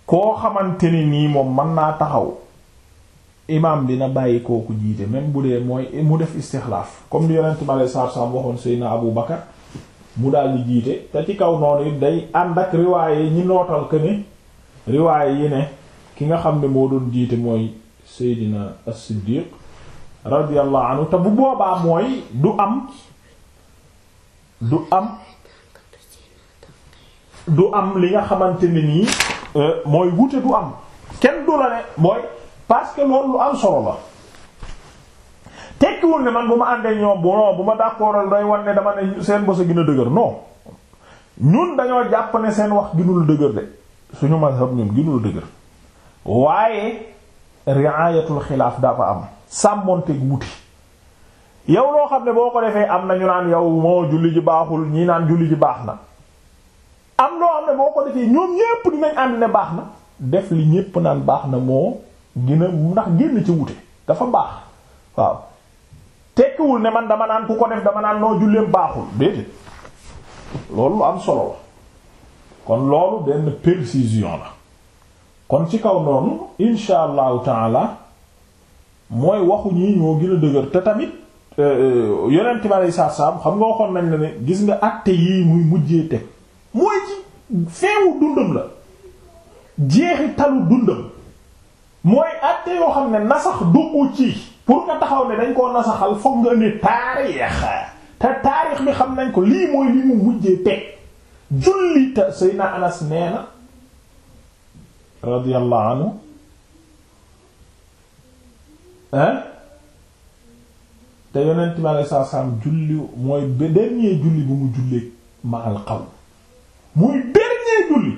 koo xamante ni nii moom mën naa taxaw imaam dina bàyyi kooku jiite même bu dee mooy mu def istixlaaf comme li yonent ma lay saar saam waxoon Seydina Abu Bakar mu daal di jiite te ci kaw noonu it day ànd ak riwaaye ñi nootal que ne riwaaye yi ne ki nga xam ne moo doon jiite mooy Seydina as-Siddiq radiyallahu anhu te bu boobaa mooy du am du am du am li nga xamante ni nii euh, mooy wute du am kenn du la ne mooy parce que loolu lu am solo la tekkiwul ne man bu ma àndee ñoom bu non bu ma d'accordal doy wan ne dama ne seen bos gën a dëgër non ñun dañoo jàpp ne seen wax ginul dëgër de suñu mazhab ñun ginul dëgër waaye riayatul xilaaf dafa am sàmmonteeg wuti yow loo xam ne boo ko defee am na ñu naan yow moo julli ji baaxul ñii naan julli ji baax na am loo xam ne boo ko defee ñoom ñépp dinañ ànd ne baax na def li ñépp naan baax na moo gën ndax génn ci wute dafa baax waaw tekkiwul ne man dama naan ku ko def dama naan noo julleem baaxul déedéet loolu am solo la kon loolu benn précision la kon ci kaw noonu insha allahu taala mooy waxuñu ñii ñoo gën a dëgër te tamit Euh, euh, yonent bi aleyhi salaatu xam nga waxoon nañ la ne gis nga àtte yii muy mujjee teg mooy feewu dundam la jeexi talu dundam mooy àtte yoo xam ne nasax duggu ci pour nga taxaw ne dañ koo nasaxal foog nga ne taarix te taarix bi xam nañ ko lii mooy li mu mujjee teg julli ta Anas nee na radiyallahu anhu te yonent bi alei saatu julli mooy dernier julli bu mu jullee maal xaw muy dernier julli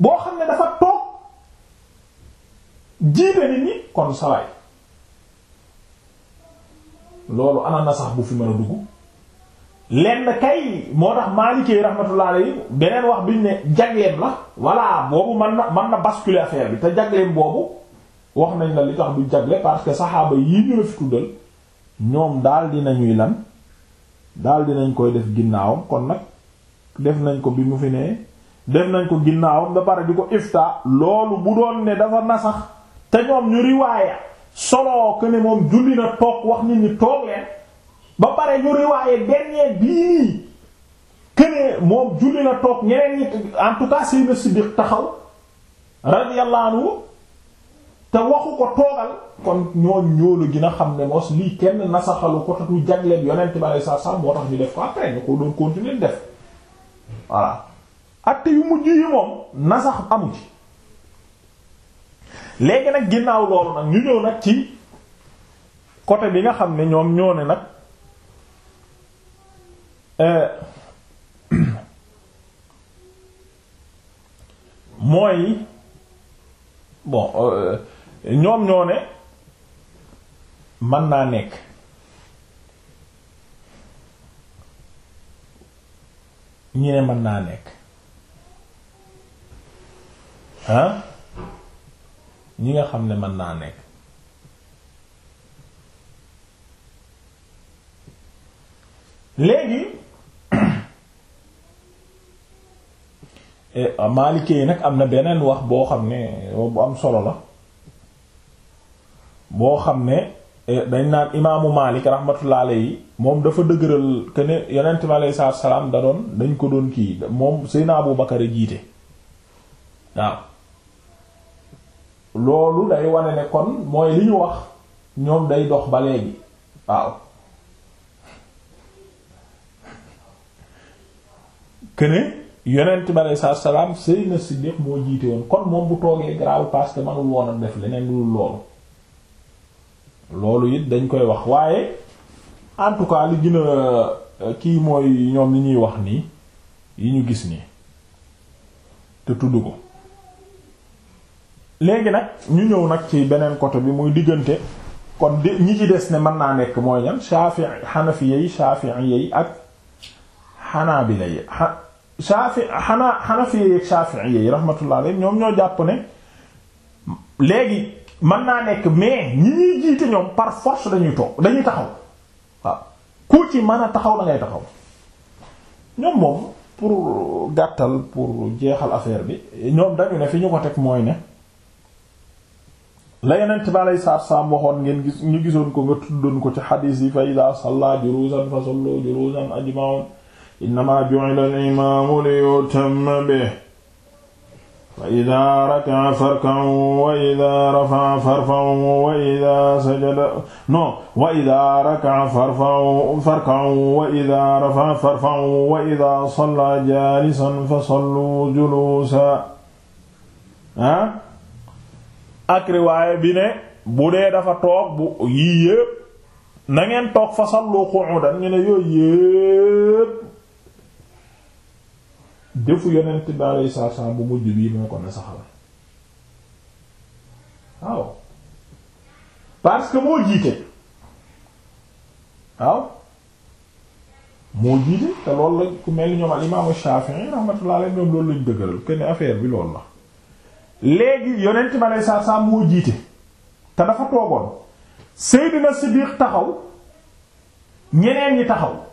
boo xam ne dafa toog jiite nit ñi kon sawaay loolu ana na sax bu fi mën a dugg lenn kay moo tax Maliki rahmatullah alayhi beneen wax bi ne jagleem la walla boobu man na man na basculer affaire bi te jagleem boobu wax nañ la li tax du jagle parce que saxaaba yii ñu la fi tuddal ñoom daal dinañuy lan daal dinañ koy def ginnaawam kon nag def nañ ko bi mu fi nee def nañ ko ginnaawam ba pare di ko ifta loolu bu doon ne dafa nasax te ñoom ñu riwaaya solo que ne moom julli na toog wax nit ñi toog leen ba pare ñu riwaaya dernier bii que ne moom julli na toog ñeneen ñi en tout cas Sayyidina Siddiq taxaw radiyallahu te waxu ko toogal kon ñooñu ñoo la gën xam ne mos lii kenn nasaxalu ko te du jagleel yonent ba sa sa moo tax ñu def ko après ñu ko ci. léegi nag ginnaaw loolu nag ñu ñëw nag ci côté bi nga xam ne ñoom ñoo ne nag euh, <coughs> mooy bon. Euh, ñoom ñoo ne mën naa nekk ñi ne mën naa nekk ah ñi nga xam ne mën naa nekk léegi <coughs> eh, maalikee nag am na beneen wax boo xam ne bu am solo la boo xam ne eh, dañ naan imaamu Maalik rahmatullah alayhi moom dafa dëgëral que ne bi alayhi salaam da doon dañ ko doon kii moom Seydina Abu Bakar a jiite waaw loolu day wane ne kon mooy li ñu wax ñoom day dox ba léegi waaw këne yonent bi aleyhi salaatu salaam Seydina Siddiq moo jiite woon kon moom bu toogee garaawul parce manul woon a def leneen lu loolu loolu it dañ koy wax waaye en tout cas li euh, kii mooy ñoom li ñuy wax nii yi ñu gis nii te tudd ko léegi nag ñu ñëw nag ci beneen côté bi muy diggante kon di ñi ci des ne mën naa nekk mooy ñan Shafi'i Hanafiya yi Shafi'iyya yi ak Hanabila yi Shafi Hanafiya yi ak Shafi'iyya yi rahmatullah alayhi ñoom ñoo jàpp ne léegi man naa nekk mais ñi ñuy jiite ñoom par force dañuy to dañuy taxaw waaw ku ci mën a taxaw da ngay taxaw ñoom moom pour gàttal pour jeexal affaire bi ñoom dañu ne fi ñu ko teg mooy ne la yeneen bi alei saatu salaam waxoon ngeen gis ñu gisoon ko nga tuddoon ko ci xadiis yi fa ida salla juruusan fa sallu juruusan ajma'un innama ju'ila al-imamu li yutamma bihi wa ida raka'a farka'u wa ida rafa'a farfa'u wa ida sajada non wa ida raka'a farfa'u farka'u wa ida rafa'a farfa'u wa ida salla jaalisan fa sallu juluusa ah ak riwaaya bi ne bu dee dafa toog bu yii yépp na ngeen toog fa sallu qu'udan ñu ne yooyu yépp jëfu yonent bi alayhi salaatu salaam bu mujj bii moo ko na saxal waaw parce que moo jiite waaw moo jiite te lool la ku mel ni ñoom al imaamu Shafi'i rahmatullahi alayhi ñoom loolu lañ dëgëral kenn affaire bi lool la léegi yonent bi alayhi salaatu salaam moo jiite te dafa toogoon Seydina Siddiq taxaw ñeneen ñi taxaw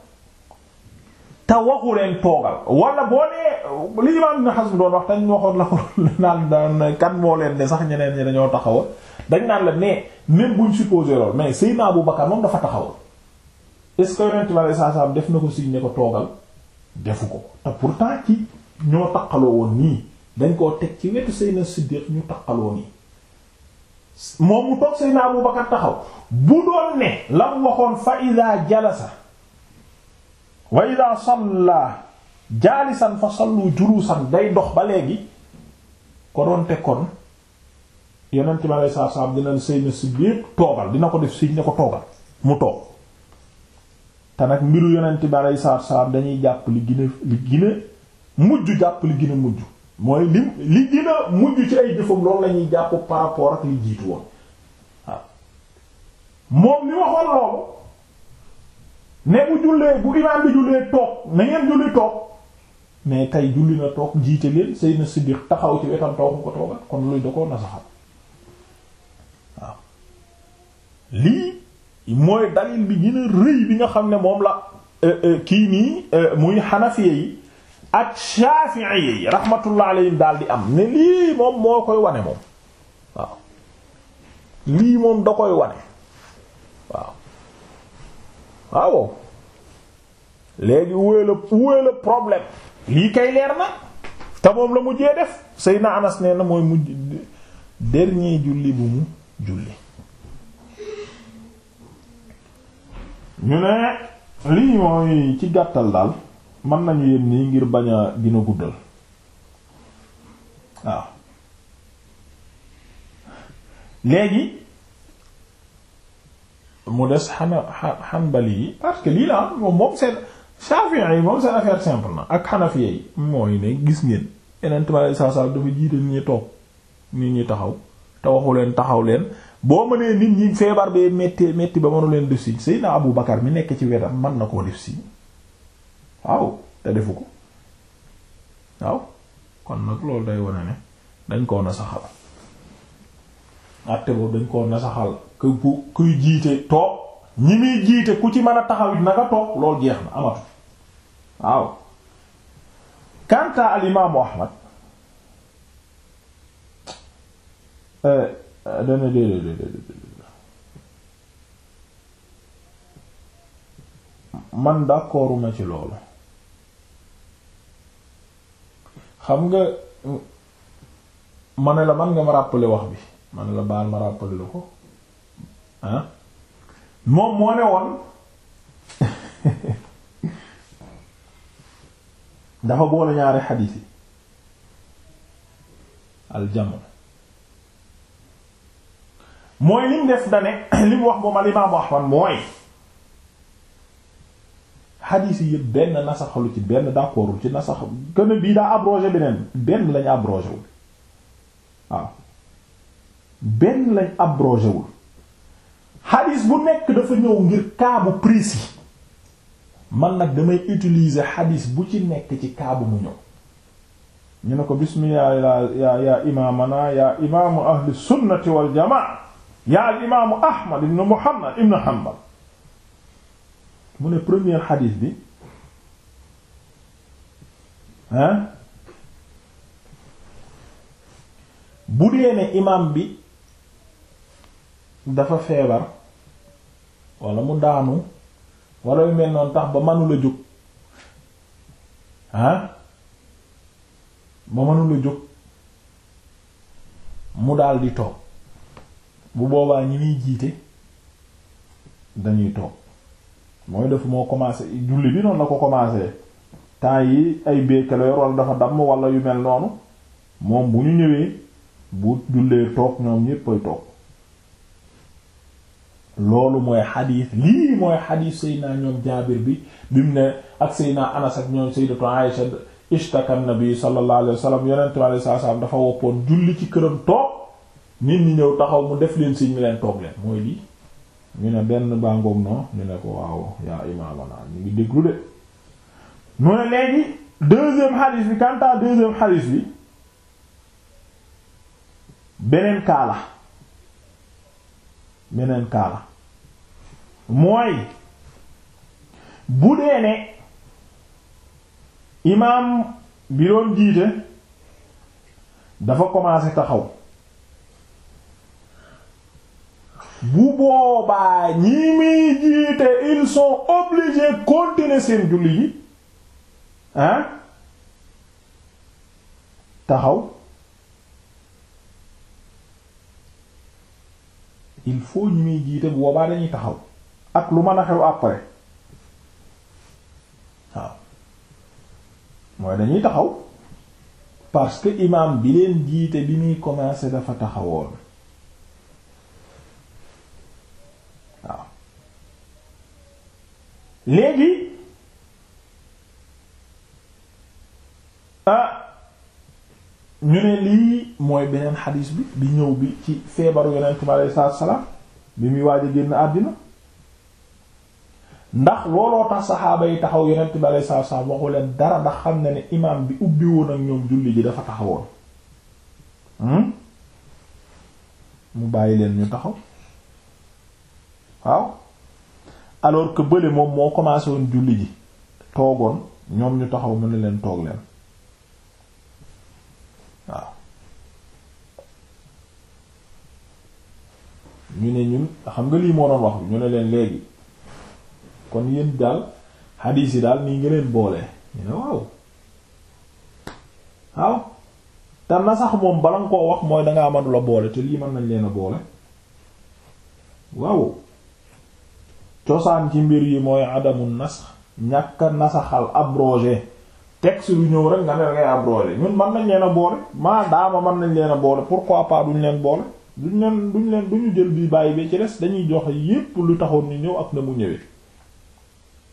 te waxu leen toogal wala boo nee li imaam Ibn Hazm doon wax dañ waxoon la ko <laughs> naan daan kan moo leen sax ñeneen ñi dañoo taxawal dañ naan la ne même buñ supposé mais Seydina Abu Bakar moom dafa taxawal est-ce que Yonent bi sallallahu def na ko signe ne ko toogal ko te pourtant ci ñoo taqaloo woon nii dañ koo teg ci wetu Seydina Siddiq ñu taqaloo nii moom taxaw bu doon ne la mu waxoon fa jala jalasa wa ida salla jaalisan fa sallu julusan day dox ba léegi konoonte kon yonent bi alei satu salaam dina Seydina Siddiq toogal dina ko def siñ ne ko toogal mu toog te nag mbiru yonent bi alei satu salaam dañuy jàpp li gën a li gën a mujj jàpp li gën a mujj mooy li li gën a mujj ci ay jëfam loolu la ñuy jàpp par ak li jiitu woon waaw moom mi waxoon loolu ne bu jullee bu imaam bi jullee toog na julli toog mais tey julli na toog jiite leen Seydina Siddiq taxaw ci wetam toog ko toogat kon luy da ko nasaxal waaw lii mooy dalil bi gën a rëy bi nga xam ne moom la euh, euh, kii nii euh, muy xanafiye yi ak shafi'iye yi rahmatullah alayhim daal di am ne lii moom moo koy wane moom waaw lii moom da koy wane waaw léegi wóoy la wóoy la problème lii kay leer na te moom la mujjee def Seydina Anas nee la mooy mujj dernier julli bu mu julli ñu ne lii mooy ci gàttal daal mën nañu yem nii ngir bañ a dina guddal waaw léegi mu des xana xanbali yi parce que lii la moom moom seen Shafi'i yi moom seen affaire simple na ak Hanafi yi mooy ne gis ngeen yeneen tubaab yi saa saa dafa jiite nit toog nit ñi taxaw te waxu leen taxaw leen boo mënee nit ñi feebar bee metti metti ba mënu leen def si Seydina Abu Bakar mi nekk ci wetam mën na koo def si waaw te defu ko waaw kon nag loolu day wane ne dañ ko na saxal àtte boobu dañ koo nasaxal ku ku kuy jiite toog ñi muy jiite ku ci mën a taxawit naka toog loolu jeex na amatu waaw kanta al imaamu ahmad eh, eh, dana déedéet déedéet man d'accorduma ci loolu xam nga ma ne la man nga ma rappeler wax bi man la baal ma rappelé la ko ah moom moo ne woon <laughs> dafa boole ñaari xadiis yi aljamu mooy liñ def dane <clears throat> li wax moom al imaamu Ahmad mooy xadiis yi yëpp benn nasaxalu ci benn d'accordul ci nasax gën bii daa abrogé beneen benn lañu abrogé benn lañ abrogé wul xadis bu nekk dafa ñëw ngir kaabu précis man nag damay utilise xadis bu ci nekk ci kaabu mu ñëw ñu ne ko bismillah ya ya imaamana ya imaamu ahli sunnati wal jamaa ya al imaamu ahmad ibn muhammad ibn hanbal mu ne premier xadis bi hein bu dee ne imaam bi dafa feebar wala mu daanu wala yu mel noonu tax ba manula jóg ah ba manula jóg mu daldi toog bu boobaa ñi niy jiite dañuy toog mooy def moo commencé julli bi noonu la ko commencé temps yi ay béykale yor wala dafa damm wala yu mel noonu moom bu ñu ñëwee bu jullee toog ñoom ñépp ay toog loolu mooy xadiis lii mooy xadiis Seydina ñoom Jaabir bi bi mu ne ak Seydina Anas ak ñoom Sayyidatu Aisha ishtaka nabi sallallahu alayhi wa sallam yonent dafa woppoon julli ci këram toog nit ñi ñëw taxaw mu def leen siñ mi leen toog leen mooy lii ñu ne benn bàngoom noonu ñu ne ko waaw yaa imaamana ñu ngi déglu de mu ne léegi xadiis bi kantaa deuxième xadiis bi beneen kaala beneen kaala mooy bu dee ne imaam bi doon jiite dafa commencé taxaw bu boobaa ñi muy jiite ils sont obligés continuer seen julli yi ah taxaw il faut ñu muy jiite boobaa dañuy taxaw ak lu mën a xew après waaw mooy dañuy taxaw parce que imam bi leen jiite bi muy commencé dafa taxawoon waaw léegi ah ñu ne lii mooy beneen xadiis bi bi ñëw bi ci feebaru yonent bi salaatu salaam bi muy waaj a génn àddina ndax looloo tax saxaaba yi taxaw yonent bi alei satu salaam waxu leen dara ndax xam ne ne imaam bi ubbi woon ak ñoom julli ji dafa taxawoon hmm? mu bàyyi leen ñu taxaw waaw alors que bële moom moo commencé woon julli ji toogoon ñoom ñu taxaw mu ne leen toog leen waaw ñu ne ñun xam nga lii moo doon wax ñu ne leen léegi kon yéen daal xadiis yi daal nii ngi boole ñu waaw waaw te na sax moom bala nga koo wax mooy da ngaa mënula boole te lii mën nañ leen boole waaw cosaan ci mbir yi mooy adamu nas ñàkk a nasaxal abrogé texte lu ñëw rek nga ne ngay abrogé ñun mën nañ leen a boole maa ma mën nañ leen boole pourquoi pas duñ leen boole duñ leen duñ leen duñu jël bii bàyyi ba ci des dañuy joxe yépp lu taxoon ni ñëw ak na mu ñëwee.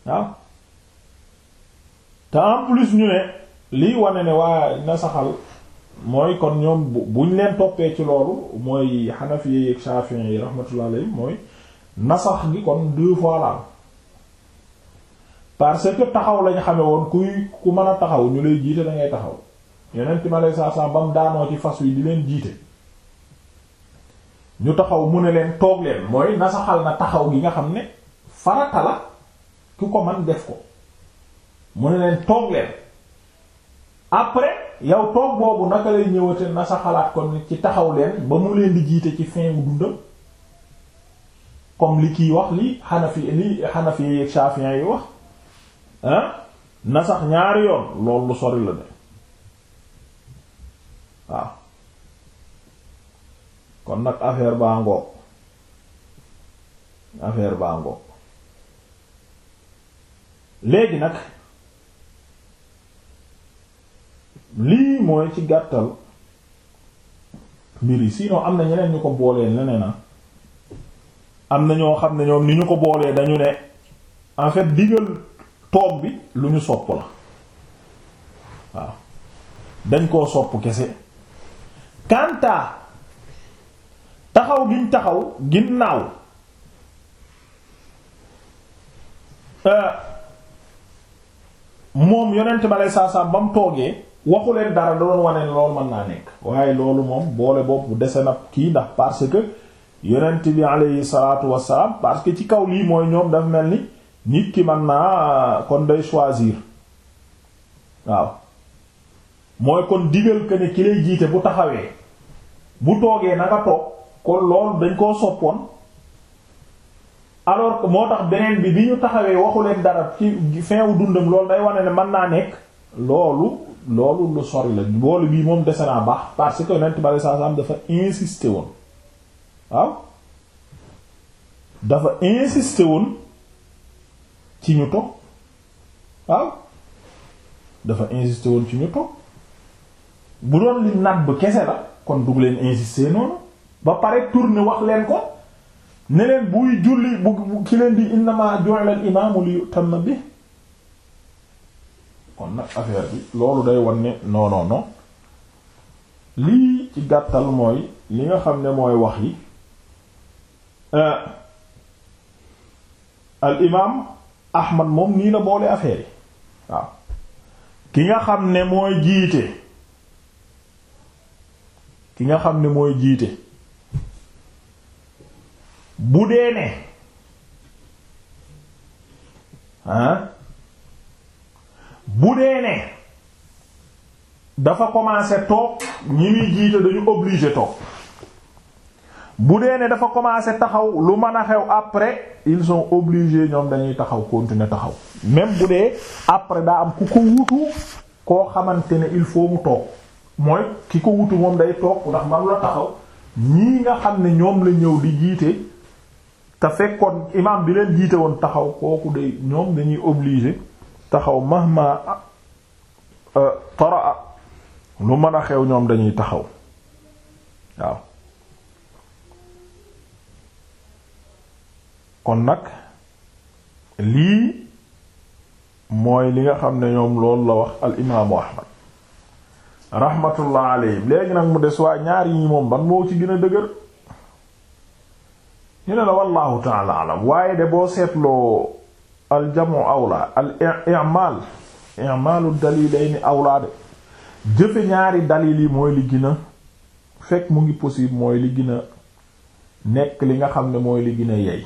waaw te en plus ñu ne liy wane ne waa na saxal mooy kon ñoom buñ leen toppee ci loolu mooy Hanafi yi ak Shafi'i yi rahmatullahi mooy nasax gi kon deux fois la parce que taxaw lañ xame woon kuy ku mën a taxaw ñu lay jiite da taxaw yeneen ci malay saa saa ba mu daanoo ci fas wi di leen jiite ñu taxaw mu ne leen toog leen mooy nasaxal na taxaw gi nga xam ne farata la ku ko man def ko mu ne leen toog leen après yow toog boobu naka lay ñëwate na sa xalaat kon nit ci taxaw leen ba mu leen di jiite ci fin wu dundam comme li kii wax li fi li Hanafi yeeg Shafi'i yi wax ah na sax ñaari yoon loolu sori la ne waaw kon nag affaire baa ngoog affaire baa ngoog léegi nag lii mooy ci gàttal mbir yi sinon am na ñeneen ñu ko boolee leneen ah. am na ñoo xam ne ñoom ni ñu ko boolee dañu ne en fait digal toog bi lu ñu sopp la waaw dañ koo sopp kese kantaa taxaw giñ taxaw ginnaaw euh moom yonent ba lay saasaam ba mu toogee waxu leen dara doon wane loolu mën naa nekk waaye loolu moom boole boobu dese na kii ndax parce que yonent bi alayhi salaatu wassalaam parce que ci kaw lii mooy ñoom daf mel ni nit ki man naa kon day choisir waaw mooy kon digal que ne ki lay jiite bu taxawee bu toogee na toog kon loolu dañ koo soppoon alors que moo tax beneen bi bi ñu taxawee waxu leen dara ci fin wu dundam loolu day wane ne mën naa nekk loolu loolu lu sori la boolu bii moom dese naa baax parce que yonent bi saa saam dafa insister woon waaw dafa insister woon ci ñu toog waaw dafa insister woon ci ñu toog bu doon li natt bu kese la kon dugg leen insister noonu ba pare tour tourner wax leen ko. ne leen buy julli bu ki leen di innama ju'ila al imaamu li yutamma bi kon nag affaire bi loolu day wan ne non non lii ci gàttal mooy li nga xam ne mooy wax yi euh, al imaam Ahmad moom nii la boole affaire yi waaw ki nga xam ne mooy jiite ki nga xam ne mooy jiite bu dee ne ah dafa commencé toog ñi muy jiite dañu obligé toog bu dee ne dafa commencé taxaw lu mën a xew après ils sont obligés ñoom dañuy taxaw continuer taxaw même bu dee après daa am ku ko wutu koo xamante ne il faut mu toog mooy ki ko wutu moom day toog ndax man taxaw ñii nga xam ne ñoom la ñëw di jiite te fekkoon imaam bi leen jiite woon taxaw kooku day ñoom dañuy obligé taxaw mahma euh, taraa lu mën a xew ñoom dañuy taxaw waaw kon nag lii mooy li nga xam ne ñoom loolu la wax al imaamu ahmad rahmatullah alayhi léegi nag mu des waa ñaar yi moom ban moo ci gën a dëgër ñu ne la wallahu ta'ala alam waaye de boo seetloo al jamu awla al i'mal i'malu dalilayni awla de jëfe ñaari dalil yi mooy li gën a fekk mu ngi possible mooy li gën a nekk li nga xam ne mooy li gën a yey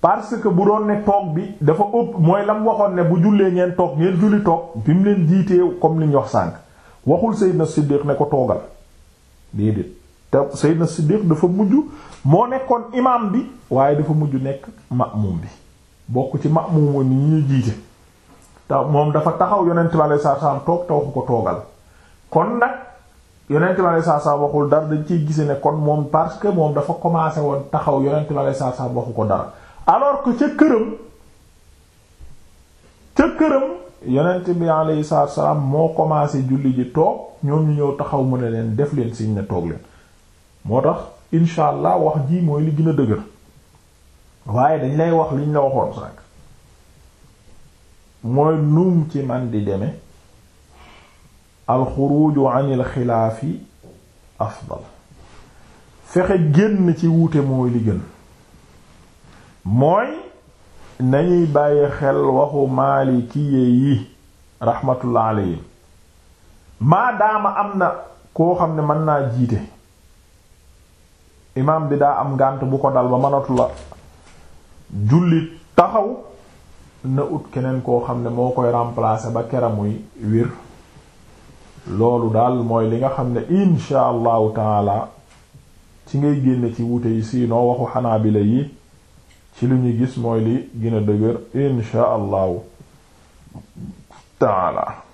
parce que bu doon ne toog bi dafa ëpp mooy lam waxoon ne bu jullee ngeen toog ngeen julli toog bi mu leen jiitee comme li wax sànk waxul Seydina Siddiq ne ko toogal déedéet te Seydina Siddiq dafa mujj moo nekkoon imaam bi waaye dafa mujj nekk ma'muum bi bokk ci ma'muum ni ñuy jiite te moom dafa taxaw yonent bi alayhi salaam toog te waxu ko toogal kon nag yonent bi alayhi salaam waxul dara dañ ciy gise ne kon moom parce que moom dafa commencé woon taxaw yonent bi alayhi salaam waxu ko dara alors que ca këram ca këram yonent bi alayhi salaam moo commencé julli ji toog ñoom ñu ñëw taxaw ma ne leen def leen siñ ne toog leen moo tax incha wax ji mooy li gën a dëgër waaye dañ lay wax liñ la waxoon sànq mooy num ci man di deme alxuruju anil xilaafi afdal fexe génn ci wuute mooy li gën mooy nañuy bàyyi xel waxu maalikiye yi rahmatullah alayhim maadaama am na koo xam ne mën naa jiite imam bi daa am ngànt bu ko dal ba mënatu la julli taxaw na ut keneen koo xam ne moo koy remplacer ba kera muy wir loolu daal mooy li nga xam ne insha allahu taala ci ngay génne ci wuute yi siinoo waxu xanaabila yi ci li ñu gis mooy li gën a dëgër insha allahu taala